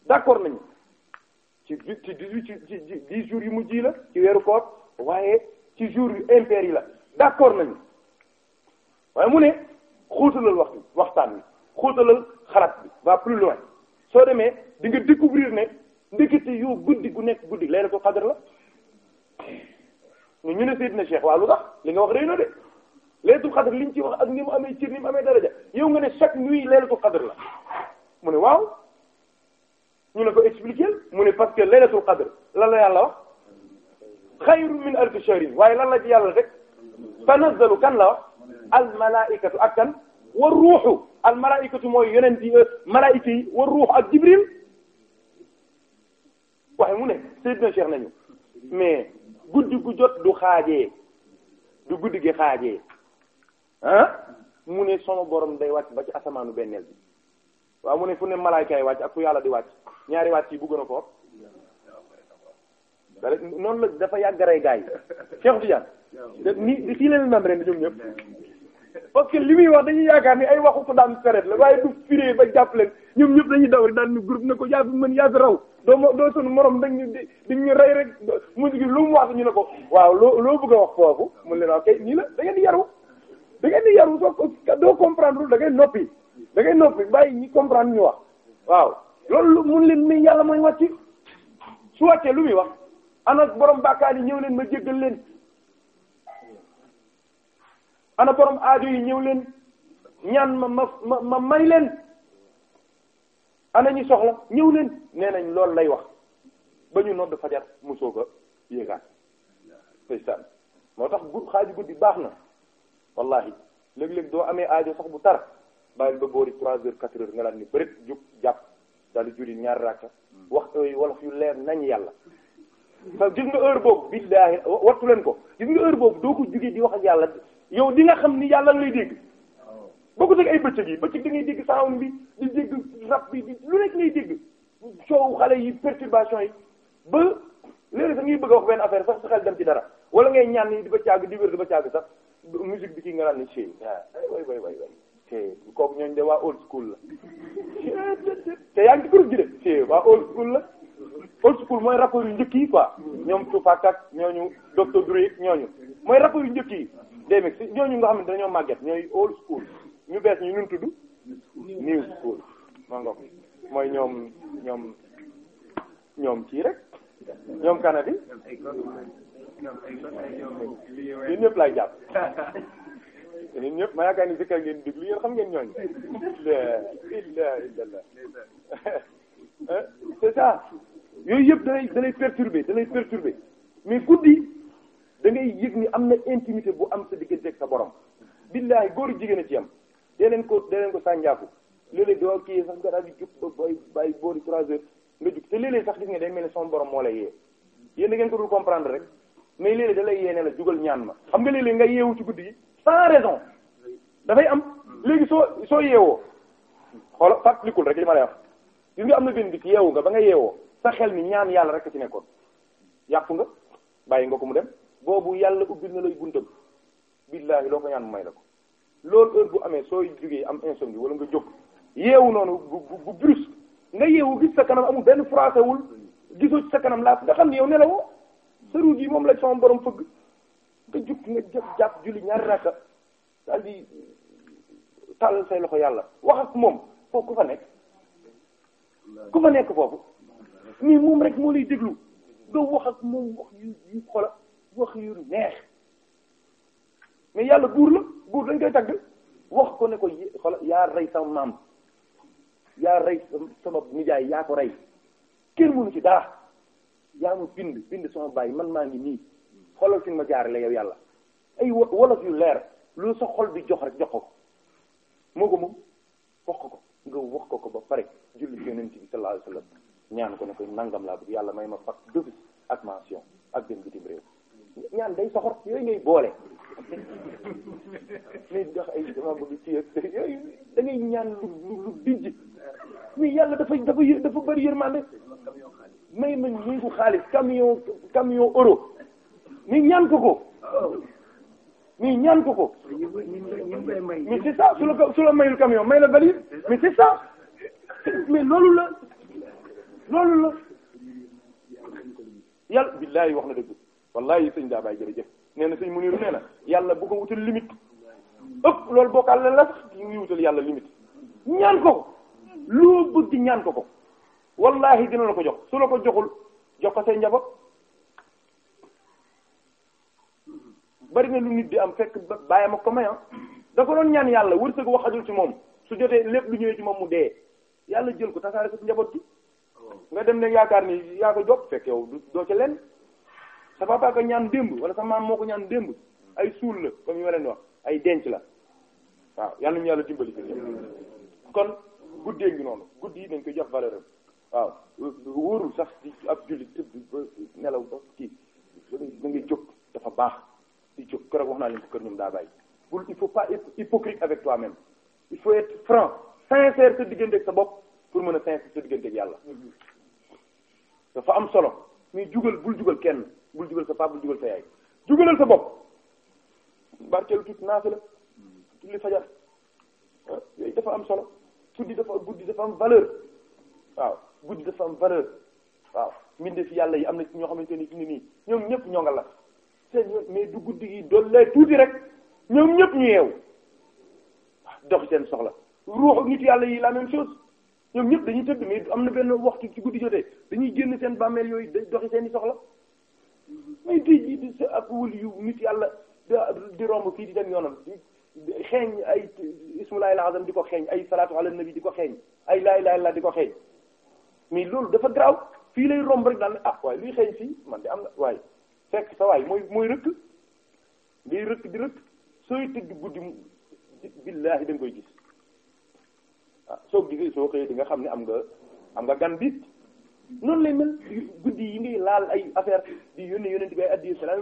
d'accord nañu ci ci ci ci dix jours yu mu ji la ci weeru koor waaye ci jours yu impair yi la d'accord nañu waaye mu ne xóotalal wax waxtaan bi xóotalal xalaat bi va plus loin soo demee di nga découvrir ne ndekete yoo guddi gu nekk guddi laylatul qadr la ñu ne Seydina Cheikh waa lu tax li nga wax rëy na de laylatul qadr liñ ci wax ak ni mu amee cër ni mu amee daraja yow nga ne chaque nuit laylatul qadr la mu ne waaw ñu ne ko expliquer mu ne parce que laylatul qadr lan la yàlla wax xayrun min alfi shahrin waaye lan la ci yàlla rek tanazzalu kan la wax al malaikatu ak kan war ruuxu al malaikatu mooy yonent yi malaika yi war ak jibril waaye mu ne sayyidna cheikh nañu mais guddi gu jot du xaajee du guddi gi xaajee ah mu ne sama borom day wàcc ba ci asamaanu benneel bi waaw mu ne fu ne malaaykaay wàcc ak fu yàlla di wàcc ñaari wàcc yi bu gën a foop da noonu la dafa yàggaree gars yi Cheikh Tidiane ni fii leen nam ren ñoom ñëpp parce li muy wax dañu yaakaar ni ay waxu ko daan feret la waaye du firé ba jàpp leen ñoom ñëpp dañuy daw rek daan ñu groupe na ko yaa fi mën yaa fi raw doo ma doo dañ ñu di rek musique lu mu wax ñu ne ko waaw loo loo bëgg a wax foofu mun leen waaw kay nii la da di yaru da ngeen di yaru soo doo comprendre da ngay noppi da ngay noppi bàyyi ñi comprendre ñu wax waaw loolu mun leen ni yàlla mooy wàcc su wàccee lu muy wax ana borom bàkkaar yi ñëw leen ma jéggal leen ana borom aajo yi ñëw leen ñaan ma ma ma may leen ana ñi soxla ñëw leen nee nañ loolu lay wax ba ñu nodd fajar mu soog a yéegaan moo tax xaaju guddi baax na wallahi léeg-léeg doo amee aajo sax bu tar bàyyil ba boori trois heures quatre heures nga daan ni bërit jug jàpp daal di julli ñaar rakka hmm. waxtu yi wolof yu leer nañ yàlla parce que gis nga heure boobu billaahi wattu leen ko gis nga heure boobu doo ko jugee di wax ak yàlla yow di nga xam ni yàlla lay dégg oh. boo ko teg ay bëccëg yi bëccëg da ngay dégg sound bi di dégg rap bi di lu nekk ngay dégg coow xale yi perturbation yi ba léegi sax ngay bëgg a wax benn affaire sax dem ci dara wala ngay ñaan ni di ba caag musique bi ki nga naan ne ah, Cheikh de waa old school te yaa ngi ci groupe gi de waa old school la old school mooy rappeurs yu njëkk yi quoi ñoom Tupac ak ñooñu Docteur Dre ñooñu mooy rappeurs yu njëkk yi. dégg nga si ñooñu nga xam ne dañoo màgget ñooy old school ñu bees ñu ñu tudd new school maa ngi ko mooy ñoom ñoom ñoom kii rek yéen ñëpp laay jàpp yéen ñëpp ma yaakaar ni sikkar ngeen déglu yéen xam ngeen ñooñu la ilaha illallah c'est ça yooyu yëpp dalay dalay perturber dalay perturber mais guddi da ngay yëg ni am na intimité bu am sa diggante ak sa borom billahi góor jigéen a ci am dee leen ko dee leen ko sànjaaku léeg-léeg kii sax nga daal di jub oh, ba bay bàyyi boori trois heures nga jug te léeg-léeg sax gis nga day mel ni son borom moo lay yee yéen da ko dul comprendre rek mais léegi léeg da lay yéene la jugal ñaan ma xam nga léeg nga yeewu ci guddi gi sans raison dafay am léegi soo soo yeewoo xoola fàttalikul rek li ma la wax gis nga am na benn bis yeewu nga ba nga yeewoo sa xel mi ñaan yàlla rek a ci nekkoon yàpp nga bàyyi nga ko mu dem boobu yàlla ubbil na lay buntam billaahi loo ko ñaan mu may la ko loolu heure bu amee sooy jógee am insomnie wala nga jóg yeewu noonu bu bu brusque nga yeewu gis sa kanam amul benn froissé wul gisoo ci sa kanam laaf nga ne yow sa ruut yi moom la sama borom fëgg nga jug nga jëf jàpp julli ñaari rakka daal di tàllal say loxo yàlla wax ak moom foofu ku fa nekk ku fa nekk foofu mais moom rek moo lay déglu doo wax ak moom wax yu yu wax yu neex mais yàlla buur la buur dañ koy tagg wax ko nekko ko xola yaa rey sama maam yaa rey sama nijaay yaa ko rey kenn mënu ci dara yaa ma bind bind sama bàyyi man maa ngi nii xoolal fi ma jaarale yow yàlla ay wolof yu leer lu sa xol bi jox rek jox ko moo ko moom wax ko nga wax ko ba pare julli yonent bi sallallahu alayhi wasallam ñaan ko ne koy nangam laa bëgg yàlla may ma fat dëgg ak mention ak dem bitim réew ñaan day soxor yooyu ngay boole <laughs> ni dox ay ci ak yooyu da ngay ñaan lu lu lu dijj mais yàlla dafa dafa dafa bëri yërmande may nañ ñii ko xaalis camion camion euro ni ñaan ko ko ni ñaan ko ko mais c'est ça su la su la mayul camion may la valise mais c'est ça mais loolu la loolu la yàlla billaahi wax na dëgg wallaahi sëñ daa baay jërëjëf nee na sëñ Muniru nee na yàlla bu wutal limite ëpp loolu bokkaal la la sax ñu wutal yàlla limite ñaan ko ko loo bëgg ñaan ko ko wallahi dina la ko jox su la ko joxul jox ko say njaboot bari na lu nit di am fekk bàyyam ak ko may ah da ko ñaan yàlla wërsëg waxajul ci moom su jotee lépp lu ñëwee ci moom mu dee yàlla jël ko tasaare sa njaboot gi nga dem ne yaakaar ni yaa ko jox fekk yow doo ci lenn sa papa ñaan démb wala sa maam moo ko ñaan démb ay suul la comme ñu wax ay denc la waaw yàlla ñu yàlla dimbali kon guddee ngi noonu guddi yi dañ koy jox valeur waaw wóorul sax di ab jullit tëdd ba nelaw ba kii da jóg dafa baax di jóg keroog wax naa leen ko kër ñoom daa bàyyi bul il faut pas être hypocrite avec toi-même il faut être franc sa diggante sa bopp pour mën a sincère sa diggante ak yàlla dafa am solo mais jugal bul jugal kenn bul jugal sa paa bul jugal sa yaay jugalal sa bopp barkeelu tuuti naafi la tulli fajar ah, yooyu dafa am solo di dafa guddi dafa am valeur waaw guddi dafa am valeur waaw mbindeef yàlla yi am na ci ñoo xamante ni ci ni nii ñoom ñëpp ñoo nga la seen mais du guddi gi doon lay tuuti rek ñoom ñëpp ñu yeew dox seen soxla ruux ak nit yàlla yi la ñoom ñëpp dañuy tëdd mais am na benn waxtu ci guddi dañuy génn seen bàmmeel yooyu doxi seen i soxla mais tey jii di sa ak wël yu nit yàlla di romb fii di dem yoonam xeeñ ay ismulaay laxasam di ko xeeñ ay salaatu ala nabi di ko xeeñ ay laa ilaaha illa di ko xeeñ mais loolu dafa garaaw fii lay romb rek daal ne ah waaye luy xëy fii man di am na waaye fekk sa waay mooy mooy rëkk ngay rëkk di rëkk sooy tëdd guddi billaahi da nga koy gis ah, soo gisee soo di nga xam ne am nga am nga gan biit noonu lay mel guddi yi ngay laal ay affaire di yónnee yónnee di koy addi salaam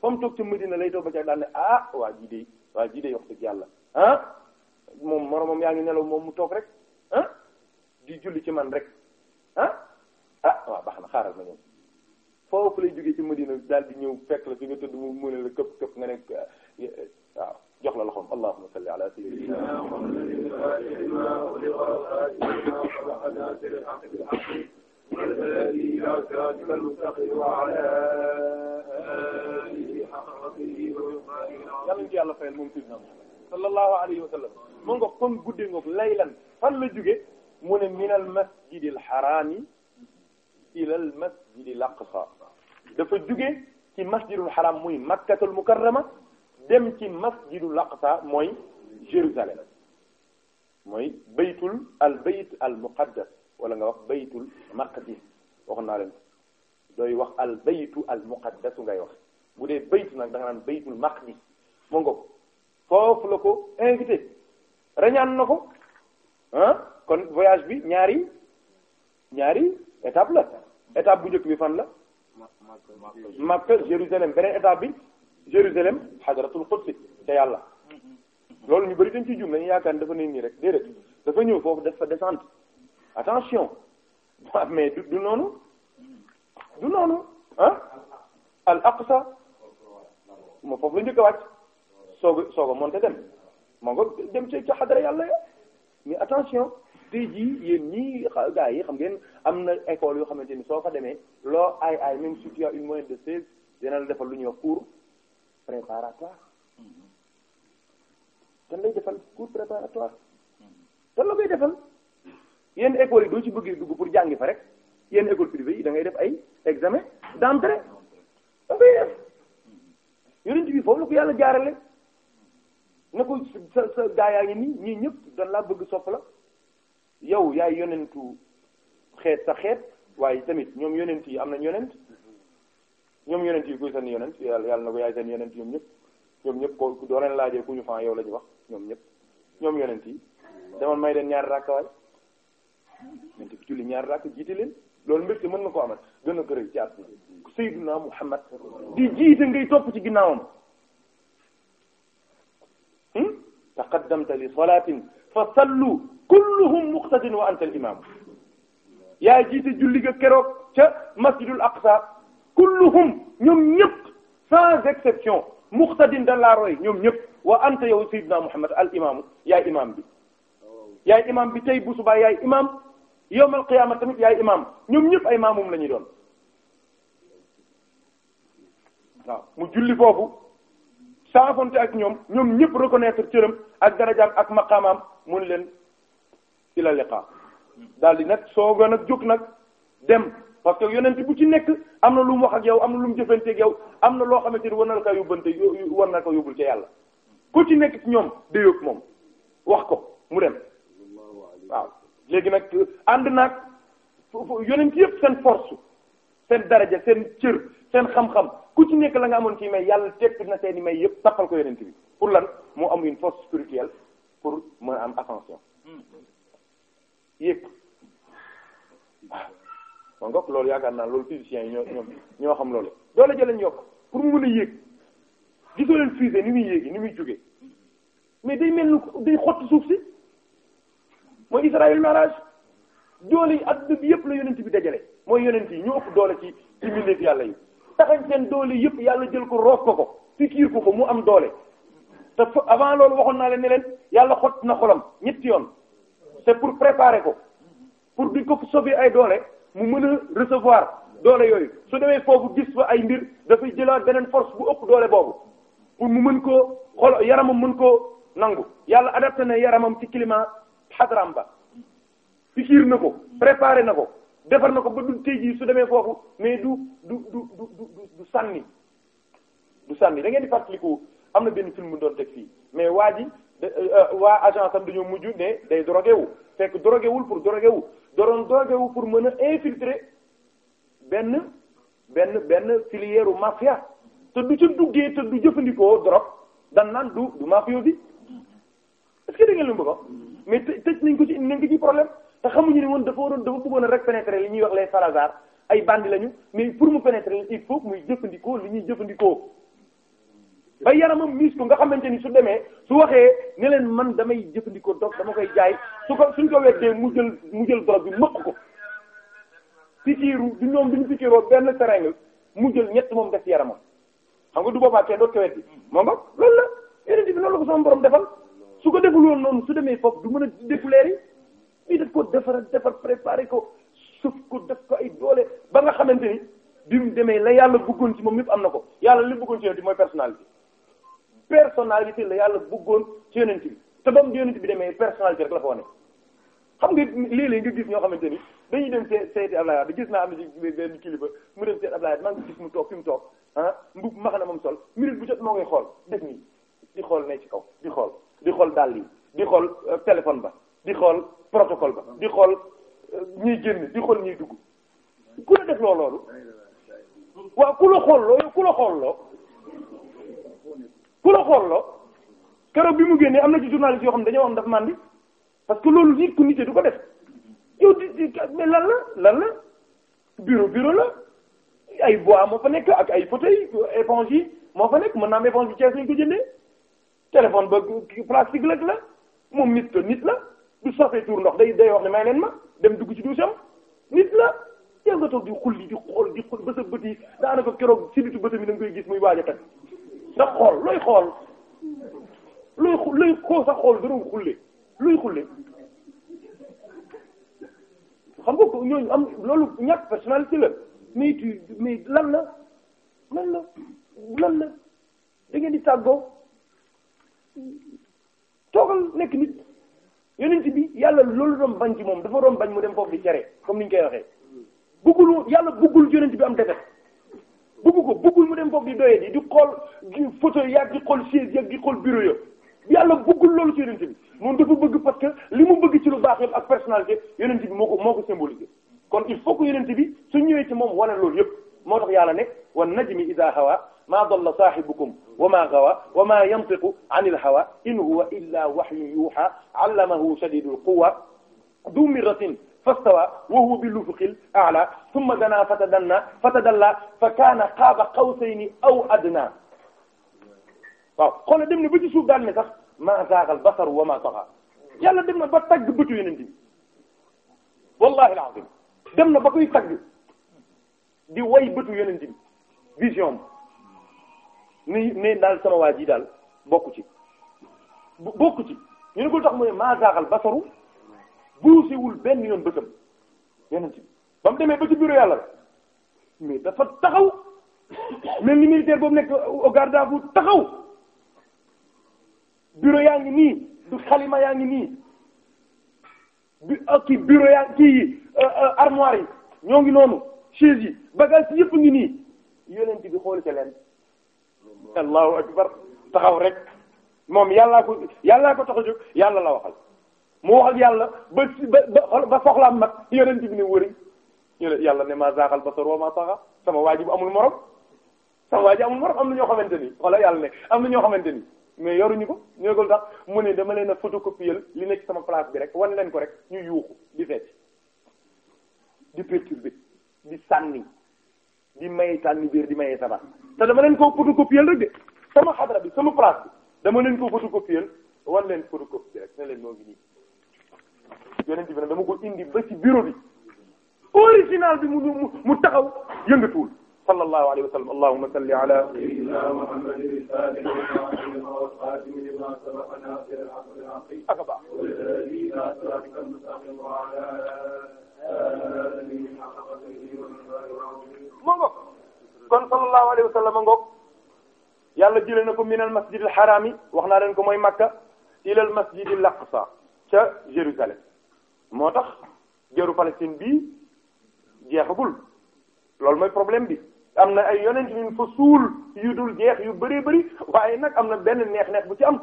fa mu toog ca Medina lay toog ba ca daal ne ah waa ji de waa ji de wax dëgg yàlla ah, moom moromam yaa ngi nelaw moom mu toog rek ah, di julli ci man rek ah ah waaw baax na xaaral ma ñëw foofu lay jógee ci Madina daal di ñëw fekk la fi nga tëdd mu mu ne la këpp këpp nga ne ah, waaw jox la loxoom allahumma salli ala sayyidina yàlla ci yàlla fayal moom sidna sallallahu alayhi wa sallam moo nga kon guddee ngoog laylan fan la jóge mu ne min al masjidil xaraami ila al masjidil aqsa dafa jóge ci masjidul xaraam muy makkatul mukarrama dem ci masjidul aqsa mooy Jérusalem mooy baytul al bayt al muqaddas wala nga wax baytul maqdis wax naa leen dooy wax al baytu al muqaddas ngay wax bu dee baytu nag da nga naan baytul maqdis moo nga ko la ko invité reñaan na ko ah kon voyage bi ñaari ñaari étape la étape bu njëkk bi fan la ma Makka Jérusalem beneen étape bi Jérusalem xadratul xudsi ca yàlla loolu ñu bari dañ ciy jum dañuy yaakaar dafa ne nii rek déedéet dafa ñëw foofu def fa descente attention ah, mais du noonu du noonu ah al aqsa moo foofu la njëkk a wàcc soog a soog dem moo nga dem ci ca xadara yàlla ya mais attention tey jii yéen ñi gars yi xam ngeen am na école yoo xamante ni soo fa demee loo ay ay même si tu une moyenne de seize dina la defal lu ñuy wax cours préparatoire te lay defal cours préparatoire te la koy defal yenn écoles yi doo ci bëggee dugg pour jàngi fa rek yenn école privée yi da def ay examen d'entrée da ngay def bi foofu la ko yàlla jaarale na ko sa sa gaa yaa ngi nii ñii ñëpp dan laa bëgg sopp la yow yaay yonentu xeet sa xeet waaye tamit ñoom yonent yi am nañ yonent ñoom yonent yi kuy seen yonent yàlla yàlla na ko yaay seen yonent ñoom ñëpp ñoom ñëpp ko doo leen laajee ku ñu fan yow la ñu wax ñoom ñëpp ñoom yonent yi demoon may leen ñaari rakk waay yonent bi julli ñaari rakk jiite leen loolu mbégte mën na ko amal gën a ko rëy ci àdduna sayyiduna Muhammad di jiite ngay topp ci ginnaawam hmm? taqaddamta li salatin fa sallu kulluhum muqtadin wa anta al imam yaa jiite julli ga keroog ca masjidul aqsa kulluhum ñoom ñëpp sans exception muqtadin da roy ñoom ñëpp wa anta yow sayyidina muhammad al imaamu yaay imam bi yaay imam bi tey bu subaa yaay imam yawmal qiyaama tamit yaay imam ñoom ñëpp ay maamum la doon mu julli foofu saafonte ak ñoom ñoom ñëpp reconnaître cëram ak darajaam ak maqaamaam mun leen la liqaa daal di nag sooga nag jóg nag dem parce que yonent bu ci nekk am na lu mu wax ak yow am na lu mu jëfanteeg yow am na loo xamante ni war na la ko yóbbante war na ko yóbbul ca yàlla ku ci nekk ci ñoom déyoog moom wax ko mu dem waaw léegi nag ànd naag yonent yëpp seen force seen daraja seen cër seen xam-xam ku ci nekk la nga amoon ci may yàlla tekki na seen i may yëpp tappal ko yonent bi pour lan moo am une force spirituelle pour mën am ascension yéeg waaw man loolu yaakaar naa loolu physiciens yi ñoo ñoo ñoo xam loolu doole jëlee ñu yokk pour mu mën a yéeg gisoo leen fusée ni muy yéegi ni muy jógee mais day mel ni day xott suuf si mooy Israël marage doole yi adduna bi yëpp la yonent bi dajale mooy yonent yi ñoo ëpp doole ci ci mbindeef yàlla yi taxañ seen doole yëpp yàlla jël ko roof ko ko pikiir ko ko mu am doole te avant loolu waxoon naa leen ne yàlla xott na xolam ñetti yoon. c'est pour préparer ko pour di ko sauver ay doole mu mën a recevoir doole yooyu su demee foofu gis fa ay mbir dafay jëlaat beneen force bu ëpp doole boobu pour mu mën koo xol yaramam mën koo nangu yàlla adapté na yaramam ci climat xadram ba fikir na ko préparé na ko defar na ko ba du tey su demee foofu mais du du du du du sànni du sànni da ngeen di fàttaliku am na benn film bu doon teg fii mais waa ji Euh, euh, waa agence am dañoo mujj ne day drogué wu fekk drogué wul pour drogué wu doroon pour mën a infiltrer benn benn benn filière u mafia te du ca duggee te du jëfandikoo drogue dan du du mafia bi est que da ngeen lu bëgg mais tëj nañ ko ci nañ ko ci problème te xamuñu ne woon dafa waroon dafa bëggoon a rek pénétrer li ñuy wax les Salazar ay bandi lañu mais pour mu pénétrer il faut muy jëfandikoo li ñuy jëfandikoo ba yaramam miis ko nga xamante ni su demee su waxee ne leen man damay jëfandikoo dog dama koy jaay su ko suñ ko weddee mu jël mu jël drogue bi mëq ko pikiiru du ñoom duñu pikiiroo benn seringue mu jël ñett moom def yaramam xam nga du boobaa kenn doot ko weddi moom ba loolu la éréti bi noonu la ko sama borom defal su ko deful woon noonu su demee foofu du mën a découvrir yi ñii def ko defar defar préparer ko suuf ko def ko ay doole ba nga xamante ni bi mu demee la ci moom yëpp am na yàlla li bëggoon ci yow di mooy personnalité la yàlla bëggoon ci yonent bi te ba mu bi demee personnalité rek la fa wane xam nga lii léeg nga gis ñoo xamante ni dañuy dem see seeti Abdoulaye Wade gis naa am na ci benn kilifa mu dem seeti Abdoulaye Wade maa ngi gis mu toog fi mu toog ah mbub max na moom sol minute bu jot moo ngi xool def nii di xool ne ci kaw di xool di xool dàll yi di xool euh, téléphone ba di xool protocole ba di xool euh, ñuy génn di xool ñuy dugg ku la def loo loolu waaw loo ku la xool loo keroog bi mu génnee am na ci journaliste yoo xam ne dañoo wax dafa màndi parce que loolu nit ku nit du ko def yow di mais la lan la bureau bureau la ay bois moo fa nekk ak ay fauteuil éponge yi moo fa nekk mën naa am éponge bi Thiès lañ ko jëndee téléphone ba plastique la la moom nit la nit la du safee tuur ndox day day wax ne may leen ma dem dugg ci douche am nit la yow nga toog di di xool di xul ba bët yi daanaka keroog si bitu bët mi koy gis muy waaj a nga xool looy xool looy looy koo sa xool gënoon xulle looy xulle xam nga ko ñooñu am loolu ñàkk personnalité la mais tu mais lan la lan la lan la da ngeen di tàggoo toogal nekk nit yonent bi yàlla loolu doon bañ ci moom dafa doon bañ mu dem foofu di cere comme ni koy waxee bëggul yàlla bëggul yonent bi am defet bëggu ko bëggul mu dem foofu di doyee di xool di photo yàgg di xool chaise yàgg di xool bureau ya yàlla bëggul loolu ci yonent bi moom dafa bëgg parce que li mu bëgg ci lu baax yëpp ak personnalité yonent bi moo ko moo ko symbolisé kon il faut que yonent bi su ñëwee ci moom wane loolu yëpp moo tax yàlla ne wan najmi ida hawa ma dalla saahibukum wa ma gawa wa ma yantiqu an il hawa in huwa illa waxyu yuha allamahu shadidul quwa du miratin fastawa wa huwa bil ufuqil a'la thumma dana fatadanna fatadalla fa kaana qaaba qawsayni aw adna waaw xoolal dem na ba ci suuf daal ne sax ma zaagal basar wa ma taxa yàlla dem na ba tagg bëtu yeneen bi wallahi alazim dem na ba koy tagg di way bëtu yeneen bi vision ni ne daal sama waa ji daal bokku ci bokku ci ñu ne ko tax mu ne ma zaagal basaru buusewul benn yoon bëtam yeneen ci ba mu demee ba ci bureau yàlla la mais dafa taxaw mel ni militaire boobu nekk au garde taxaw bureau yaa ngi nii du xalima yaa ngi nii ah, kii bureau yaa kii yi euh, yi ñoo ngi noonu chaise yi bagage yëpp ngi nii yonent bi xool ca leen allahu akbar taxaw rek moom yàllaa ko yàllaa ko tax a yàlla la waxal mu wax ak yàlla ba ba ba soxlaam nag yonent bi ne wëriñ yàlla ne ma zaaxal basar wa ma taxa sama waaj ji bu amul morom sama waa ji amul morom am na ñoo xamante ni wala yàlla ne am na ñoo xamante ni mais yoruñu ko ko ñoogul tax mu ne dama leen a photocopier li nekk sama place bi rek wan leen ko rek ñu yuuxu di fecc di perturber di sànni di may sànni biir di maye sabar te dama leen ko photocopier rek de sama xadra bi sama place bi dama leen koo photocopier wan leen leen moo ngi nii yonent bi ne dama ko indi ba ci bureau bi original bi mu mu mu taxaw yëngatuwul sallallahu alayhi wa sallam allahumma salli ala sayyidina muhammadin moo ngoog kon sallallahu alayhi wa sallam a ngoog yàlla jëlee na ko min al masjid al haram yi wax naa leen ko mooy makka ila al masjid al aqsa ca Jérusalem moo tax jëru Palestine bii jeexagul loolu mooy problème bi am na ay yonent ñun fa suul yu dul jeex yu bëree bëri waaye nag am na benn neex-neex bu ci am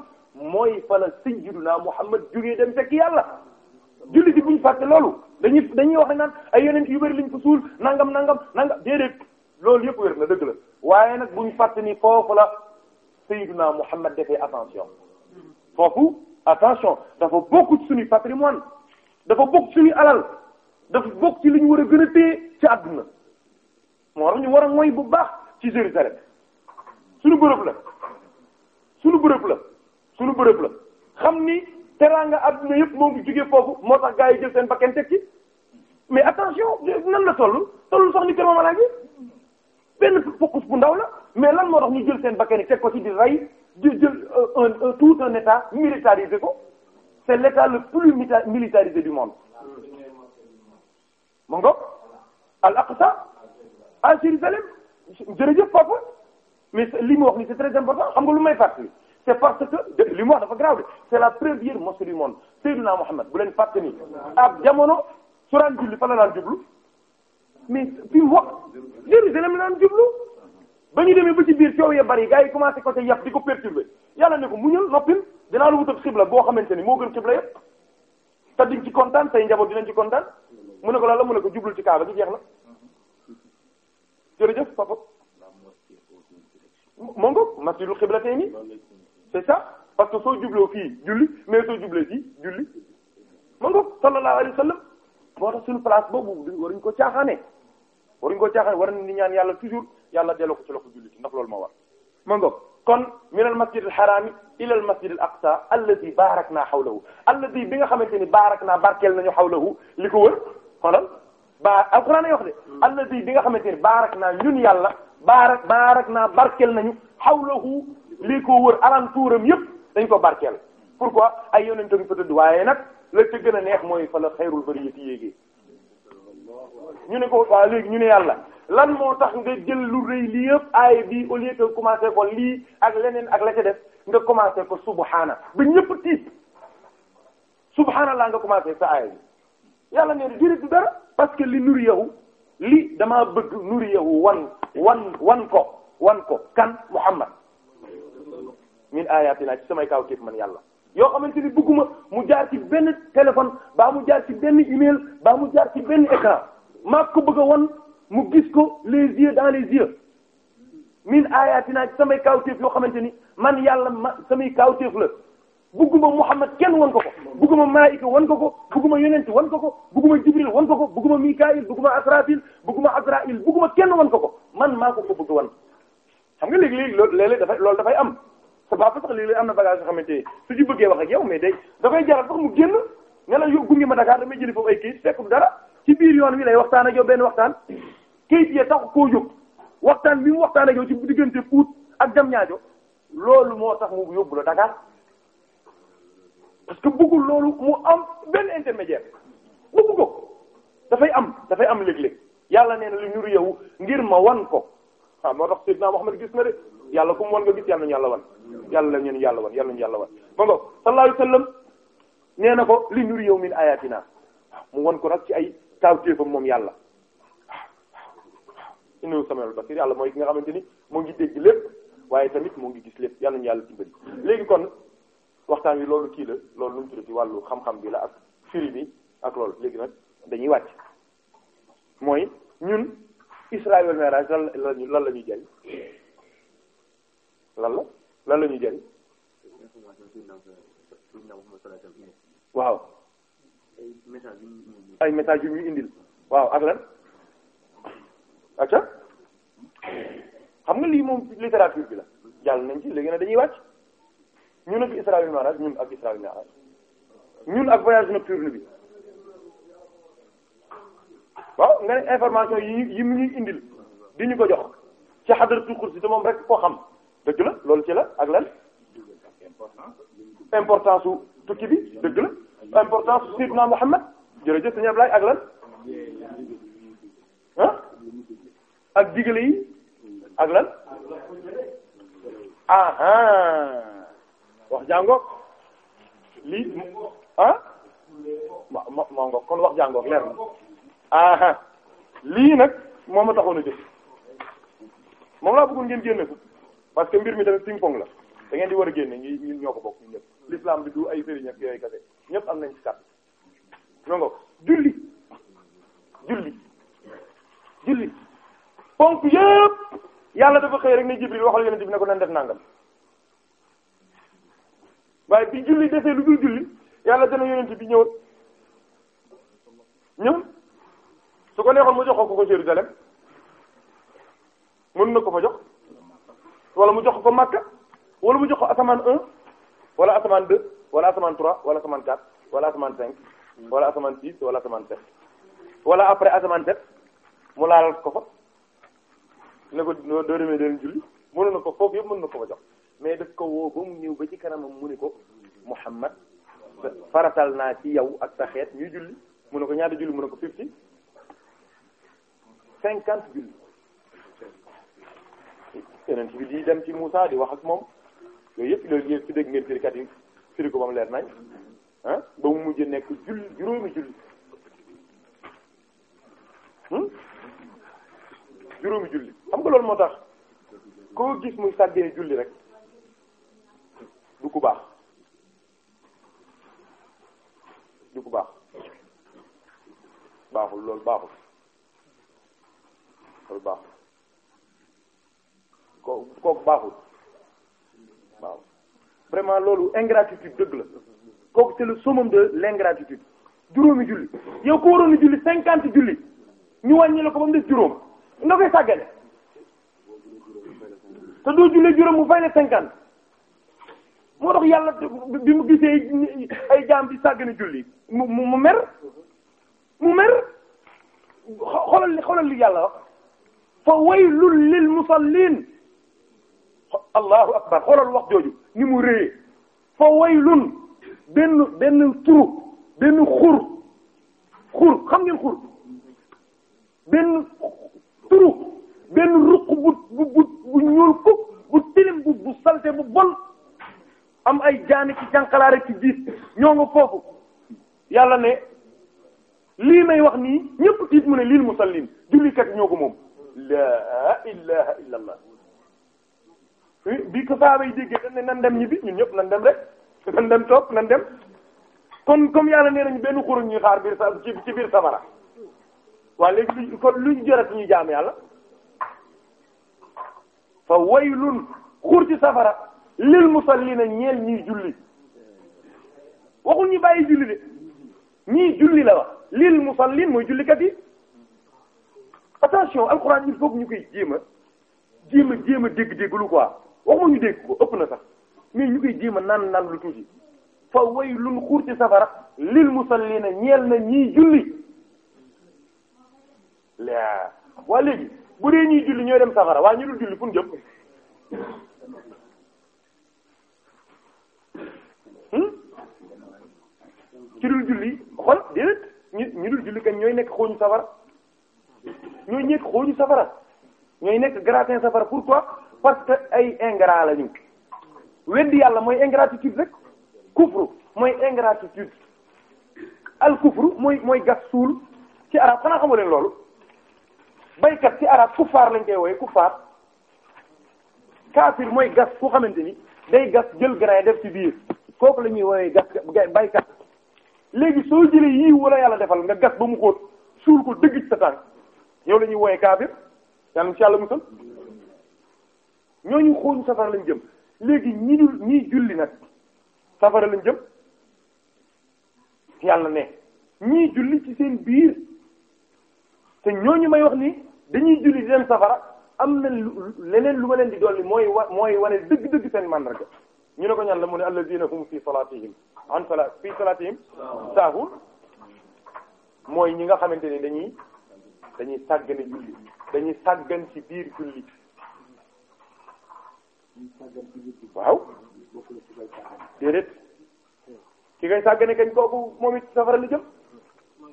mooy fa la sayyiduna Muhammad jógee dem fekk yàlla julli ci buñ fàtte loolu dañuy dañuy wax naan ay yonent yu bëri lañ fa suul nangam nangam nangam déedéet loolu yëpp wér na dëgg la waaye nag buñ fàtte ni foofu la sayyiduna Muhammad defee attention foofu attention dafa bokk ci suñu patrimoine dafa bokk suñu alal dafa bokk ci li war a gën a téye ci àdduna moo war ñu war a moy bu baax ci Jérusalem suñu bërëb la suñu bërëb la suñu bërëb la xam ni teraanga àdduna yëpp moo ngi jugee foofu moo tax gaa yi jël seen bakkan teg ci mais attention nan la toll toll sax ni kër Mamadou Agne benn focus bu ndaw la mais lan moo tax ñu jël seen bakkan teg ko ci di rey jël jël euh, un tout un état militarisé ko c'est l'état le plus militarisé du monde mu al Aqsa à Jérusalem jërëjëf papa mais li mu wax ni c'est très important xam nga lu may fàttali c'est parce que li mu wax dafa grave c'est la première mosquée du monde Seydina Mohamed bu leen fàttali ab jamono su daan julli fa la daan jublu mais fi mu wax Jérusalem la daan jublu ba ñu demee ba ci biir coow ya bari gars yi commencé ko ca yàq di ko perturber yàlla ne ko muñal noppil dinaa la wutal xibla boo xamante ni moo gën xibla yëpp te di ci kontaan say njaboot dinañ ci kontaan mu ne ko lan la ko jublul ci kaaba gi jeex la jërëjëf papa moo ngoog masjidul xibla tey nii c'est ça parce que soo jubloo fii julli mais soo jublee fii julli moo ngoog sallallahu alayhi wa sallam moo tax suñu place boobu waruñ ko caaxaanee waruñ ko caaxaanee war nañ ñaan yàlla toujours yàlla delloo ko ci loxo julliti ndax loolu moo war ma ngoog kon min al masjid al xaraami ila al masjid al aqsa alladi baarak naa xawlahu alladi bi nga xamante ni baarak naa barkeel nañu xawlahu li ko wër xoolal ba alquran ay wax de hmm. alladi nga xamante ni baarak naa ñun yàlla baarak baarak naa barkeel nañu xawlahu li ko wër alentuuram yépp dañ ko barkeel pourquoi ay yonente bi fa tëdd waaye nag la ca gën a neex mooy fa la xayrul bariyati yéegee ñu ne ko waa léegi ñu ne yàlla lan moo tax nga jël lu rëy lii yëpp aaya bi au lieu que commencé ko lii ak leneen ak la ca def nga commencé ko subhaana ba ñëpp tiit subhaanallah nga commencé sa aaya bi yàlla nee na jëriñ du dara parce que li nuriyahu li damaa bëgg nuriyahu wan wan wan ko wan ko kan Muhammad min ayatina ci samay kaw kéef man yàlla yoo xamante ni bëgguma mu jaar ci benn téléphone baa mu jaar ci benn email baa mu jaar ci benn écran maa ko bëgg wan mu gis ko les yeux dans les yeux min ayatina samay kawteef yoo xamante ni man yàlla ma samay kawteef la bugguma Muhammad kenn wan ko ko bugguma malaika wan ko ko bugguma yonent wan ko ko bugguma Jibril wan ko ko bugguma Mikail bugguma Asrafil bugguma Azrail bugguma kenn wan ko ko man maa ko ko bëgg wan xam nga léegi léegi loolu léeg-léeg dafay loolu dafay am sa papa sax léeg-léeg am na bagage yoo xamante ni su ci bëggee wax ak yow mais day dafay jaral sax mu génn ne la yóbbu ngi ma Dakar damay jëli foofu ay kii fekkum dara ci biir yoon wi lay waxtaan ak yow benn waxtaan kayit yee tax koo yóbbu waxtaan bi mu waxtaan ak yow ci diggante Pout ak Diamniadio loolu moo tax mu yóbbu la Dakar parce que bëggul loolu mu am benn intermédiaire bëggu ko dafay am dafay am léeg-léeg yàlla nee na lu ñuru yow ngir ma wan ko ah moo tax Seydina Muhammad gis na de yàlla ku wan nga gis yàlla ñu yàlla wan yàlla ñu yàlla wan yàlla ñu yàlla wan ma nga sallallahu alayhi na ko li ñuru yow min ayatina mu wan ko nag ci ay kawtéefam moom yàlla innahu samiul basir yàlla mooy ki nga xamante ni moo ngi dégg lépp waaye tamit moo ngi gis lépp yàlla ñu yàlla dimbali léegi kon waxtaan wi loolu kii la loolu lu mu tudd ci wàllu xam-xam bi la ak firi bi ak loolu léegi nag dañuy wàcc mooy ñun isra wal mi'raj lan la lan la ñuy jëriñ lan la lan la ñuy jëriñ waaw ay message yu ñu indil waaw ak lan acca xam nga lii moom littérature bi la jàll nañ ci léegi nag dañuy wàcc ñun ak Isra bil ñun ak Isra bil ñun ak voyage nocturne bi waaw nga ne information yi yi mu ñuy indil di ñu ko jox ci hadratul kursi te moom rek koo xam dëgg la loolu ci la ak lan importance su tukki bi dëgg la importance su Sayyidina Muhammad jërëjëf sëñ Ablaye ak lan ah ak digle yi ak lan aha ah. wax jàngook lii ah ma ma maa kon wax jàngook leer ah, ah. lii nag moom a taxoon a jëf moom laa bëggoon ngeen génne ko parce que mbir mi tamit ping pong la da ngeen di war a génne ñi ñun ñoo ko bokk ñun ñëpp l'islam bi du ay sëriñ ak yooyu kase ñëpp am nañ ci kàddu ñoo ngoog julli julli ponk yépp yàlla dafa xëy rek ne jibril waxal yonent bi ne ko nan def nangam waaye bi julli desee lu dul julli yàlla dana yonent bi ñëwoon ñëw su ko neexoon mu jox ko ko Jérusalem mën na ko fa jox wala mu jox ko Makka wala mu jox ko asamaan un wala asamaan deux wala asamaan trois wala asamaan quatre wala asamaan cinq wala asamaan wala asamaan sept après asamaan sept mu laalal ko fa ne ko doo demee deen julli mënu na ko foofu yëpp mën na ko ko jox mais daf ko woo ba mu ñëw ba ci kanamam mu ne ko Muhammad faratal naa ci yow ak sa xeet ñuy julli mu ne ko ñaata julli mu ne ko fifty cinquante julli yeneen ci bi di dem ci Moussa di wax ak moom yooyu yëpp loolu yëpp ci dégg ngeen firikat yi firi ko ba mu leer nañ ah ba mu mujj nekk julli juróomi julli hmm? juróomi julli xam nga loolu moo tax koo gis muy sàggee julli rek du ku baax du ku baax baaxul loolu baaxul loolu kooku baaxul waaw vraiment loolu ingratitude dëgg la kooku c'est le summum de l'ingratitude juróomi julli yow ko waroon a julli cinquante julli ñu wàññi la ko ba mu des juróom nga koy sàggane te doo jullee juróom mu fay la cinquante moo tax yàlla bi mu gisee ay jaam bi sàgg julli mu mu mer mu mer xoolal li yàlla fa waylul lil musallin allahu akbar xoolal wax jooju ni mu réyee fa waylun benn benn turu benn xur xur xam ngeen xur benn turu benn ruq bu bu bu ñuul kuk bu tilim bu salte bu bon am ay jaani ci jànqalaare ci diis ñoo nga foofu yàlla ne lii may wax nii ñëpp tiit mu ne lil musallin jullikat ñoo ko moom laa ilaha illa allah bi ne nan dem ñibbi ñun ñëpp nan dem rek nan dem toog nan dem kon comme yàlla nee nañu benn xuru ñuy xaar biir sa ci biir safara waa léegi lu kon luñ jërat ñu jaam yàlla fa waylun xur ci safara lil musallina ñeel ñiy julli waxul ñu bàyyi julli de ñii julli la wax lil musallin mooy jullikat yi attention alxuraan il faut ñu koy jéem jéema jéem a jéem a dégg-déggalu quoi waxuma ñu dégg ko ëpp na sax mais ñu koy jéem naan naan lu tuuti fa waylun xur ci safara lil musallina ñeel na ñiy julli laa waa léegi bu dee ñuy julli ñooy dem safara waaye ñu dul julli fu ñu jëm hmm? ci dul julli xool déedéet ñu ñu dul julli kañ ñooy nekk xooñu safara ñooy nekk xooñu safara ñooy nekk gratin safara pourquoi parce que ay ingrat lañu weddi yàlla mooy ingratitude rek kufru mooy ingratitude al kufru mooy mooy gas suul ci arab xanaa xamu leen loolu baykat ci arab kuffaar lañ koy wooye kuffaar kaafir mooy gas ku xamante ni day gas jël grain def ci biir kooku la ñuy wooye gas baykat léegi soo jëlee yii wala yàlla defal nga gas ba mu xóot suul ko dëgg ci sa tànk yow la ñuy wooye kaafir yàlla insha allah musal ñooñu xooñu safara lañ jëm léegi ñi dul ñiy julli nag safara lañ jëm yàlla ne ñii julli ci seen biir te ñooñu may wax nii dañuy julli di dem safara am na lu leneen lu ma leen di dolli mooy wa mooy wane dëgg-dëgg seen mandarga ñu ne ko ñan la mu ne alladina hum fi salatihim an sala fi salatihim saahun mooy ñi nga xamante ni dañuy dañuy sàggane julli dañuy sàggan ci biir julli waaw déedéet ki koy sàggane kañ kooku moom it safara la jëm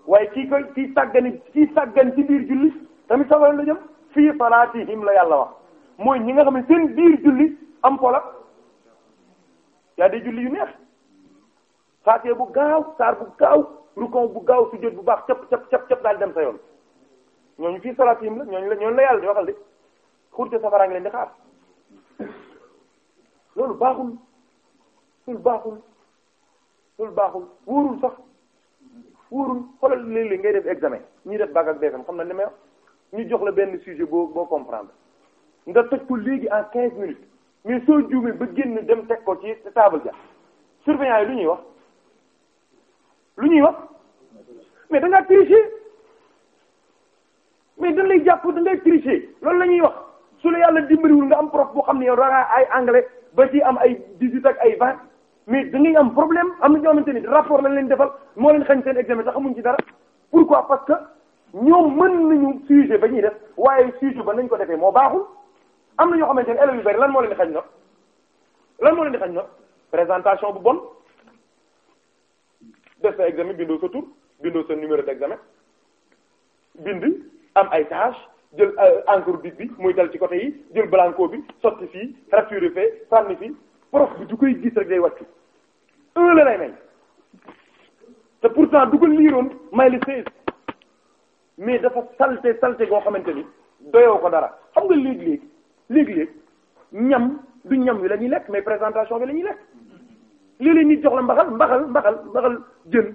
waaye kii koy kii sàggane kii sàggan ci biir julli tamit safara la jëm fii salaatihim la yàlla wax mooy ñi nga xam ne seen biir julli am pola yaa de julli yu neex faatee bu gaaw saar bu gaaw rukon bu gaaw sujjóot bu baax cap cap cap cap daal dem sa yoon ñooñu fii salaatihim la ñooñu la ñooñu la yàlla di waxal de xurte safara ngi leen di xaar loolu baaxul loolu baaxul loolu baaxul wóorul sax wóorul xoolal léeg-léeg ngay def examen ñii def bac ak BFEM xam na li may wax ñu jox la benn sujet boo boo comprendre nga toj ko léegi en quinze minutes mais soo juumee ba génn dem teg ko ci table ja surveillant yi lu ñuy wax lu ñuy wax mais da ngaa tricher mais dañ lay jàpp da tricher loolu la ñuy wax su la yàlla dimbaliwul nga am prof boo xam ne yow da ay anglais ba ci am ay dix-huit ak ay vingt mais da am problème am na ñoo xamante ni rapport lañ leen defal moo leen xañ seen examen te xamuñ ci dara pourquoi parce ñoom mën nañu sujet ba ñuy def waaye sujet ba nañ ko defee moo baaxul am na ñoo xamante ne élèves yu bari lan moo leen di xañ not lan moo leen di xañ not présentation bu bon def sa examen bindoo sa tur bindoo sa numéro d'examen bind ay tâche jël euh, encre bic bi muy dal ci côté yi blanco bi sotti fii fracture fee sànni fii prof bi du koy gis rek day wàccu un lay may te pourtant du ko liiroon may li mais dafa salte salte goo xamante ni doyoo ko dara xam nga léeg-léeg léegi léeg ñam du ñam wi la ñuy lekk mais présentation bi lañuy ñuy lekk léeg-léeg nit jox la mbaxal mbaxal mbaxal mbaxal jën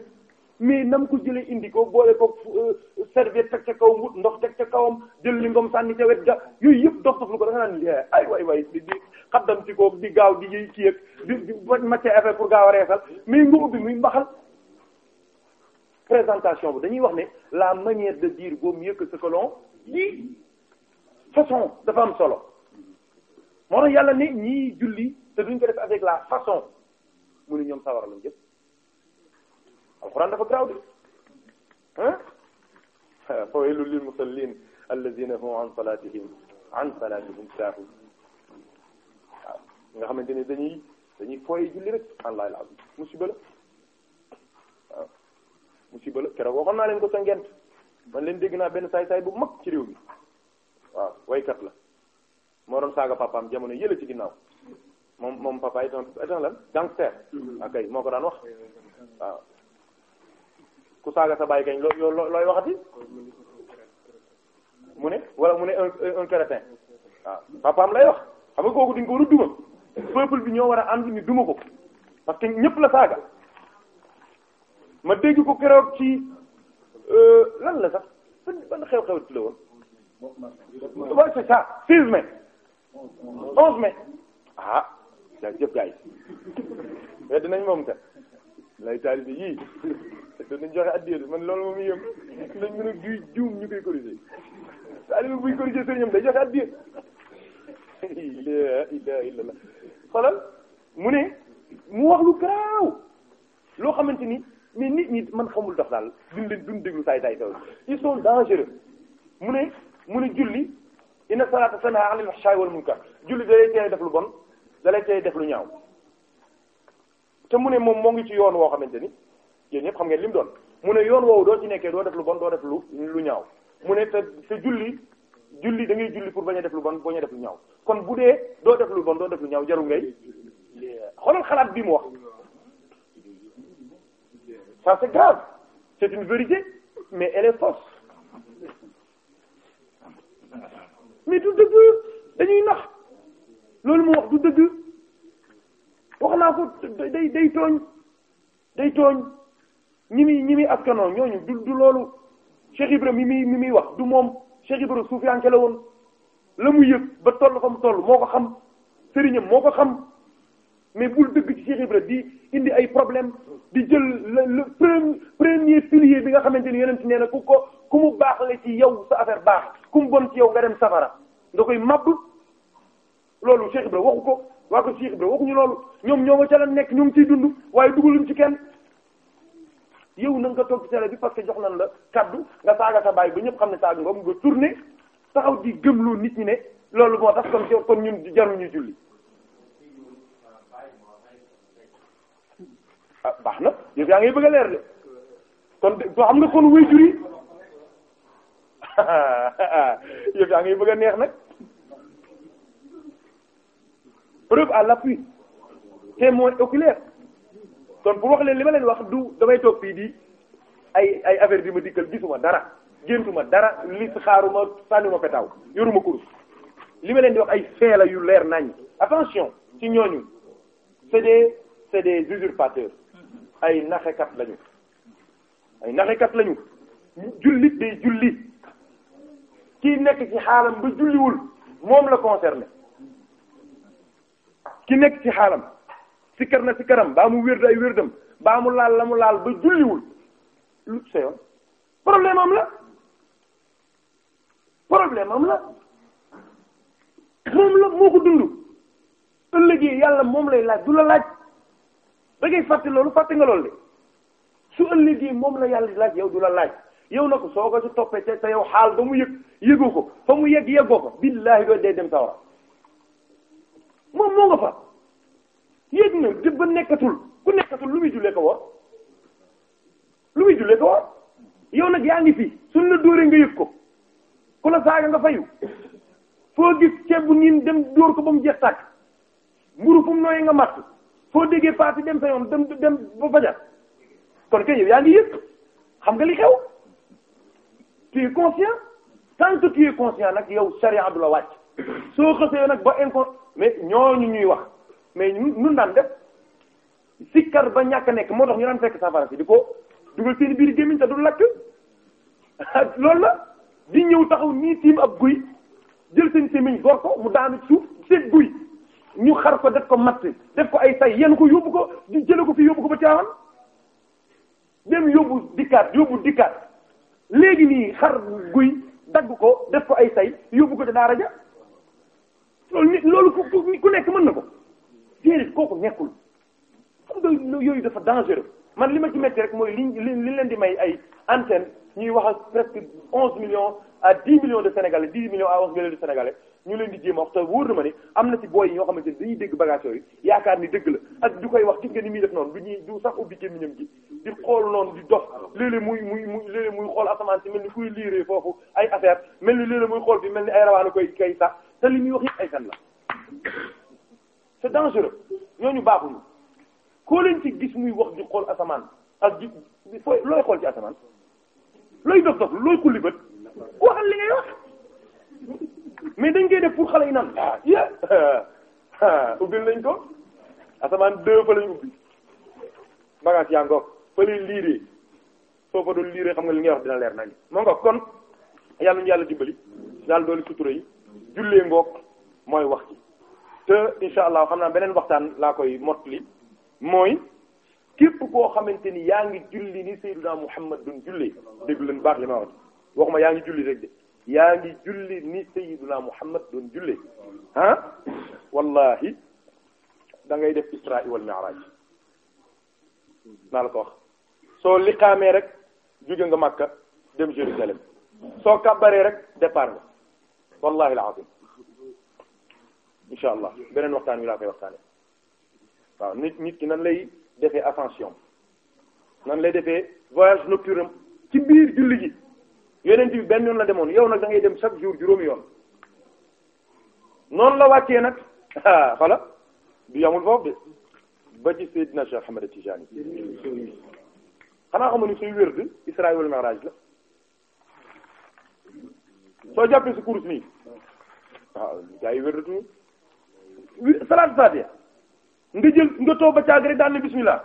mais nam ko jëlee indi ko boole ko euh, serviette teg ca kaw mbut ndox teg ca kawam jël li ngom sànni ca wet ga yooyu yëpp dox dox lu ko da nga naan eh, ay way way di di xaddam ci ko di gaaw di yëy ci yëg di di matière affaire pour gaaw a reesal mais nga ubbi muy mbaxal présentation bi dañuy wax ne la manière de dire vaut mieux que ce que façon dafa am solo moo tax yàlla ne ñii julli te duñ ko def avec la façon mu ne ñoom sawara lañ jëpp alxuraan dafa graw de ah <laughs> fa waylu lil musallin alladhina hum an salatihim an salatihim sahun waaw nga xamante ne dañuy dañuy fooye julli rek allah al azim musiba la musiba la keroog waxoon naa leen ko sa ngent man leen dégg naa benn saay-saay bu mag ci réew mi waaw waykat la moo doon saaga papaam jamono yële ci ginnaaw moom moom papa itam itam lan gangster akay mm-hmm. moo ko daan wax waaw ku saaga sa baay kañ loo loo looy waxati mu ne wala mu ne un un crétin waaw papaam lay wax xam nga kooku duñ ko war a duma peuple bi ñoo war a ànd ñu duma ko parce que ñëpp la saaga. ma dégg ko ci euh, lan la sax ban ban xew-xew la woon. waaw c'est ça 16 mai. 11 mai. ah jaajëf gars yi dinañ moom te lay taalibe yii dinañ joxe addiya man loolu moom yëm dinañ mën a juy juum ñu koy corriger taalibe buy corriger sëriñam day joxe addiya la mu ne mu wax lu garaaw loo xamante ni mais nit ñi man xamul tax daal duñ leen duñ déglu saay saay saw ils sont dangereux mu ne mu ne julli inna salata tanha anil fahsha'i wal munkar def lu bon da lay tey def lu ñaaw te mu ne moom moo ngi ci yoon woo xamante ni yéen ñëpp xam ngeen li doon mu ne yoon woowu doo ci nekkee doo def lu bon doo def lu lu ñaaw mu ne te te julli julli da ngay julli pour bañ a def lu bon bañ a def lu ñaaw kon bu dee doo def lu bon doo def lu ñaaw jarul ngay xoolal xalaat bii mu wax Ça c'est grave. C'est une vérité, mais elle est fausse. mais du dëgg dañuy nax loolu mu wax du dëgg wax naa ko day day tooñ day tooñ ñi muy ñi muy askanoo ñooñu du loolu Cheikh Ibra mi mi mi muy wax du moom Cheikh Ibra suufiyanke la la mu yëg ba toll fa mu toll moo ko xam sëriñam moo ko xam mais bul dëgg ci Cheikh di indi ay problème di jël le premier pilier bi nga xamante ni yonent nee na ku ko ku mu baax la ci yow sa affaire baax ku mu bon ci yow nga dem safara nga koy màbb loolu Cheikh Ibrahima waxu ko waa ko Cheikh Ibrahima ñu loolu ñoom ñoo ma ca la nekk ñu ngi ciy dund waaye dugaluñ ci kenn yow na nga toog ci télé bi parce que jox nañ la kaddu nga saaga sa baay ba ñëpp xam ne saaga ngoom am nga tourné taxaw di gëmloo nit ñi ne loolu moo tax kon kon ñun jaruñu julli ah baax na yëf yaa ngay bëgg a leer de kon doo xam nga kon wéy jur yi <laughs> yëf yaa ngay bëgg a neex nag preuve à l'appui témoin oculaire kon bu wax leen li ma leen wax du damay toog fii di ay ay affaire bi ma dikkal gisuma dara géntuma dara li xaaruma sànnuma petaaw yoruma kurus li ma leen di wax ay feela yu leer nañ attention ci ñooñu c'est des c'est des usurpateurs ay naxekat lañu ay naxekat lañu jullit day julli kii nekk ci xaalam ba julliwul moom la concerné ki nekk ci xaalam sikkar na sikkaram baa mu wérd ay wérdam baa mu laal la mu laal ba julliwul lu sa yoon problème la problème am la moom la moo ko dund ëllëgee yàlla moom lay laaj du la laaj da ngay fàtte loolu fàtte nga loolu de su ëllëgee moom la yàlla laaj yow du la laaj yow na ko soo ko si toppee te yow xaal ba mu yëg yëgu ko fa mu yëg yëgoo ko billahi doo dee dem sawara moom moo nga fa yëg na di ba nekkatul ku nekkatul lu muy jullee ko lu muy jullee ko war nag yaa ngi fi suñ la dóoree nga yëg ko ku la saaga nga fayu foo gis ceeb niin dem dóor ko ba mu jeex tàkk mburu fu mu nooyee nga matt foo déggee paati dem sa yoon dem dem ba fajar kon kay yow yaa ngi yëg xam nga li xew tu es conscient tant que tu conscient nag yow sharia du la wàcc soo xasee nag ba inco mais ñooñu ñuy wax mais ñun daan def sikkar ba ñàkk nekk moo tax ñu daan fekk safara si di ko dugal seen biir gémmiñ te du lakk <laughs> loolu la di ñëw taxaw nii tiim ab guy jël seen gémmiñ gor ko mu daanu suuf seet guy ñu xar ko def ko matt def ko ay say yéen ko yóbbu ko jële ko fi yóbbu ko ba caawan dem yóbbu dikkaat yóbbu dikkaat léegi nii xar guy dagg ko def ko ay say yóbbu ko daara ja loolu nit loolu ku ku nekk mën na ko déedéet kooku nekkul xam nga yooyu dafa dangereux man li ma ci métti rek mooy liñ li leen di may ay antenne ñuy wax ak presque onze millions à dix millions de sénégalais dix millions à onze millions de sénégalais ñu leen di jéem a wax na ma ne am na ci booy yi ñoo xamante ni dañuy dégg bagage yooyu yaakaar ni dëgg la ak du koy wax gis nga ni muy def noonu du ñuy du sax ubbi gémmiñam gi di xool noonu di dox léeg-léeg muy muy muy muy xool asamaan si mel ni kuy liiree foofu ay affaire mel ni léeg-léeg muy xool fi mel ni ay rawaana koy kay sax te li muy wax yëpp ay fen la c'est dangereux ñooñu baaxuñu koo leen ci gis muy wax di xool asamaan ak di fooy looy xool ci asamaan looy dof li mais dañ koy def pour xale yi naan ah yéen <laughs> ah, nañ ko asamaan deux fa ubbi bagage yaa ngoog fa lay liiree soo fa doon liiree xam nga li ngay wax dina leer nañ moo ngoog kon yàlla ñu yàlla dimbali yàlla dooli sutura yi jullee ngoog mooy wax ci te insha allah xam naa beneen waxtaan laa koy mottali mooy képp koo xamante ni yaa ngi julli ni Seydina Muhammad doon jullee déglu leen baax li ma wax waxuma yaa ngi julli rek de yaa ngi julli ni sayyiduna muhammad doon julle ah wallahi da def isra wal mi'raj naa la ko wax soo liqaamee rek jóge nga makka dem Jérusalem soo kàbbaree rek départ nga wallahi alazim insha beneen waxtaan wi laa koy waxtaane waaw nit nit ki nan lay defee ascension nan lay defee voyage nocturne ci biir julli gi yonent bi benn yoon la demoon yow nag da ngay dem chaque jour juróomi yoon noonu la wàccee nag xala du yamul foofu de ba ci Seydina Cheikh Ahmed Tijani xanaa xamu ni suy wér de Isra wal Mi'raj la soo jàppee si course nii waaw gars yi wérdatuñu salaat fatiha nga jël nga toog ba caag daal ne bismillah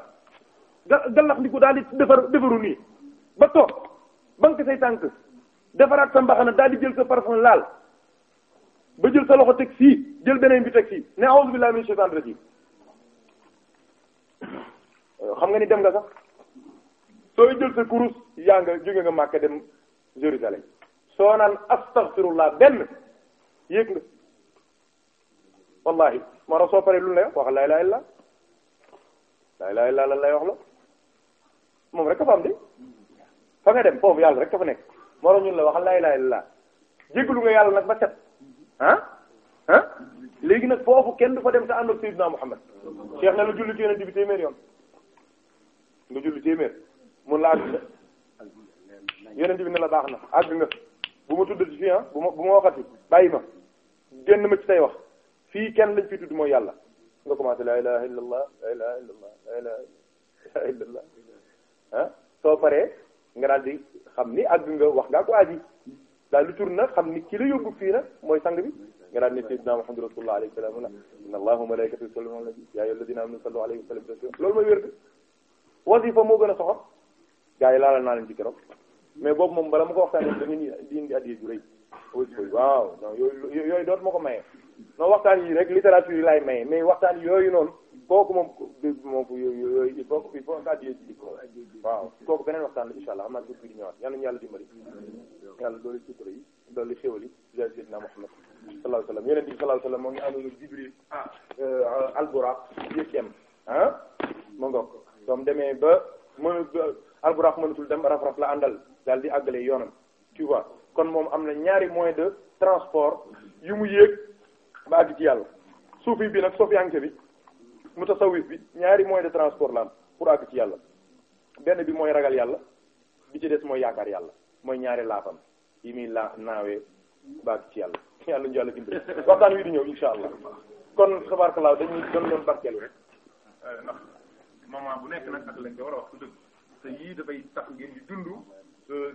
ga gallax ndiku daal di defar defaru nii ba toog banque say tànk defaraat sa mbaxana daal di jël sa parfum laal ba jël sa loxo teg fii jël beneen bi teg ne a'udhu billahi minash shaitanir euh, xam nga ni dem nga sax sooy jël sa kurus yaa nga jóge nga Makka dem Jérusalem soo naan astaghfirullah benn yéeg nga wallahi moo tax soo paree lu lay wax wax laa ilaaha illallaa laa ilaaha lan lay wax la moom rek a fa am de fa nga dem foofu yàlla rek fa nekk moro ñun la waxal laa ilaaha illallaah jéggalu nga yàlla nag ba set ah ah léegi nag foofu kenn du fa dem sa ànd ak Seydina Muhammad Cheikh na la julli ci yonent bi téeméer yoon nga julli téeméer mun la àgg yonent bi ne la baax na àgg nga bu ma tudd ci fii ah bu ma bu ma waxati bàyyi ma génn ma ci say wax fii kenn lañ fi tudd mooy yàlla nga commencé laa ilaaha illallaah laa ilaaha illallaah laa ilaaha illallaah ah soo paree nga daal di xam ni àgg nga wax ngaa ko aji daal di tur nag xam ni ki la yóbbu fii nag mooy sang bi nga daal di ne sayyidina Muhammad rasulullah alayhi salaam na inna allaha wa malaikatahu yusalluna ala nabi ya ayyuha alladhina amanu sallu alayhi wa sallimu taslima loolu mooy wér de wasifa moo gën a soxor gars yi laalal naa leen ci keroog mais boobu moom bala ma ko waxtaanee da ngeen di indi addiya ju rëy waaw non yooyu yooyu doot ma ko maye non waxtaan yi rek littérature yi laay maye mais waxtaan yooyu noonu kooku moom moom yooyu il faut que il faut que addiya ji ko waaw kooku beneen waxtaan la inshallah man dugg di ñëwaat yàlla ñu yàlla dimbali yàlla doolu sutura yi doolu xéwal yi ja sayyidina Muhammad sallallahu alayhi wasallam yeneen bi sallallahu alayhi wasallam ma ah, euh, ah, ngoog doom demee ba mën al mënatul dem raf-raf la àndal daal di àggale yoonam tu kon moom am na ñaari moyens de transport yu mu yéeg ba àgg ci yàlla suufi bi nag sofiyanke bi mutasawif bi ñaari moyen de transport la pour àgg ci yàlla benn bi mooy ragal yàlla bi ci des mooy yaakaar yàlla mooy ñaari laafam yi muy laa naawee ba àgg ci yàlla <laughs> yàlla ñu yàlla dimbali waxtaan wi di ñëw insha allah kon tabarakallah dañuy doon doon barkeelu rek euh, ndax bu nekk nag ak lañ ko war a wax su dëgg te yii dafay tax ngeen di dund euh,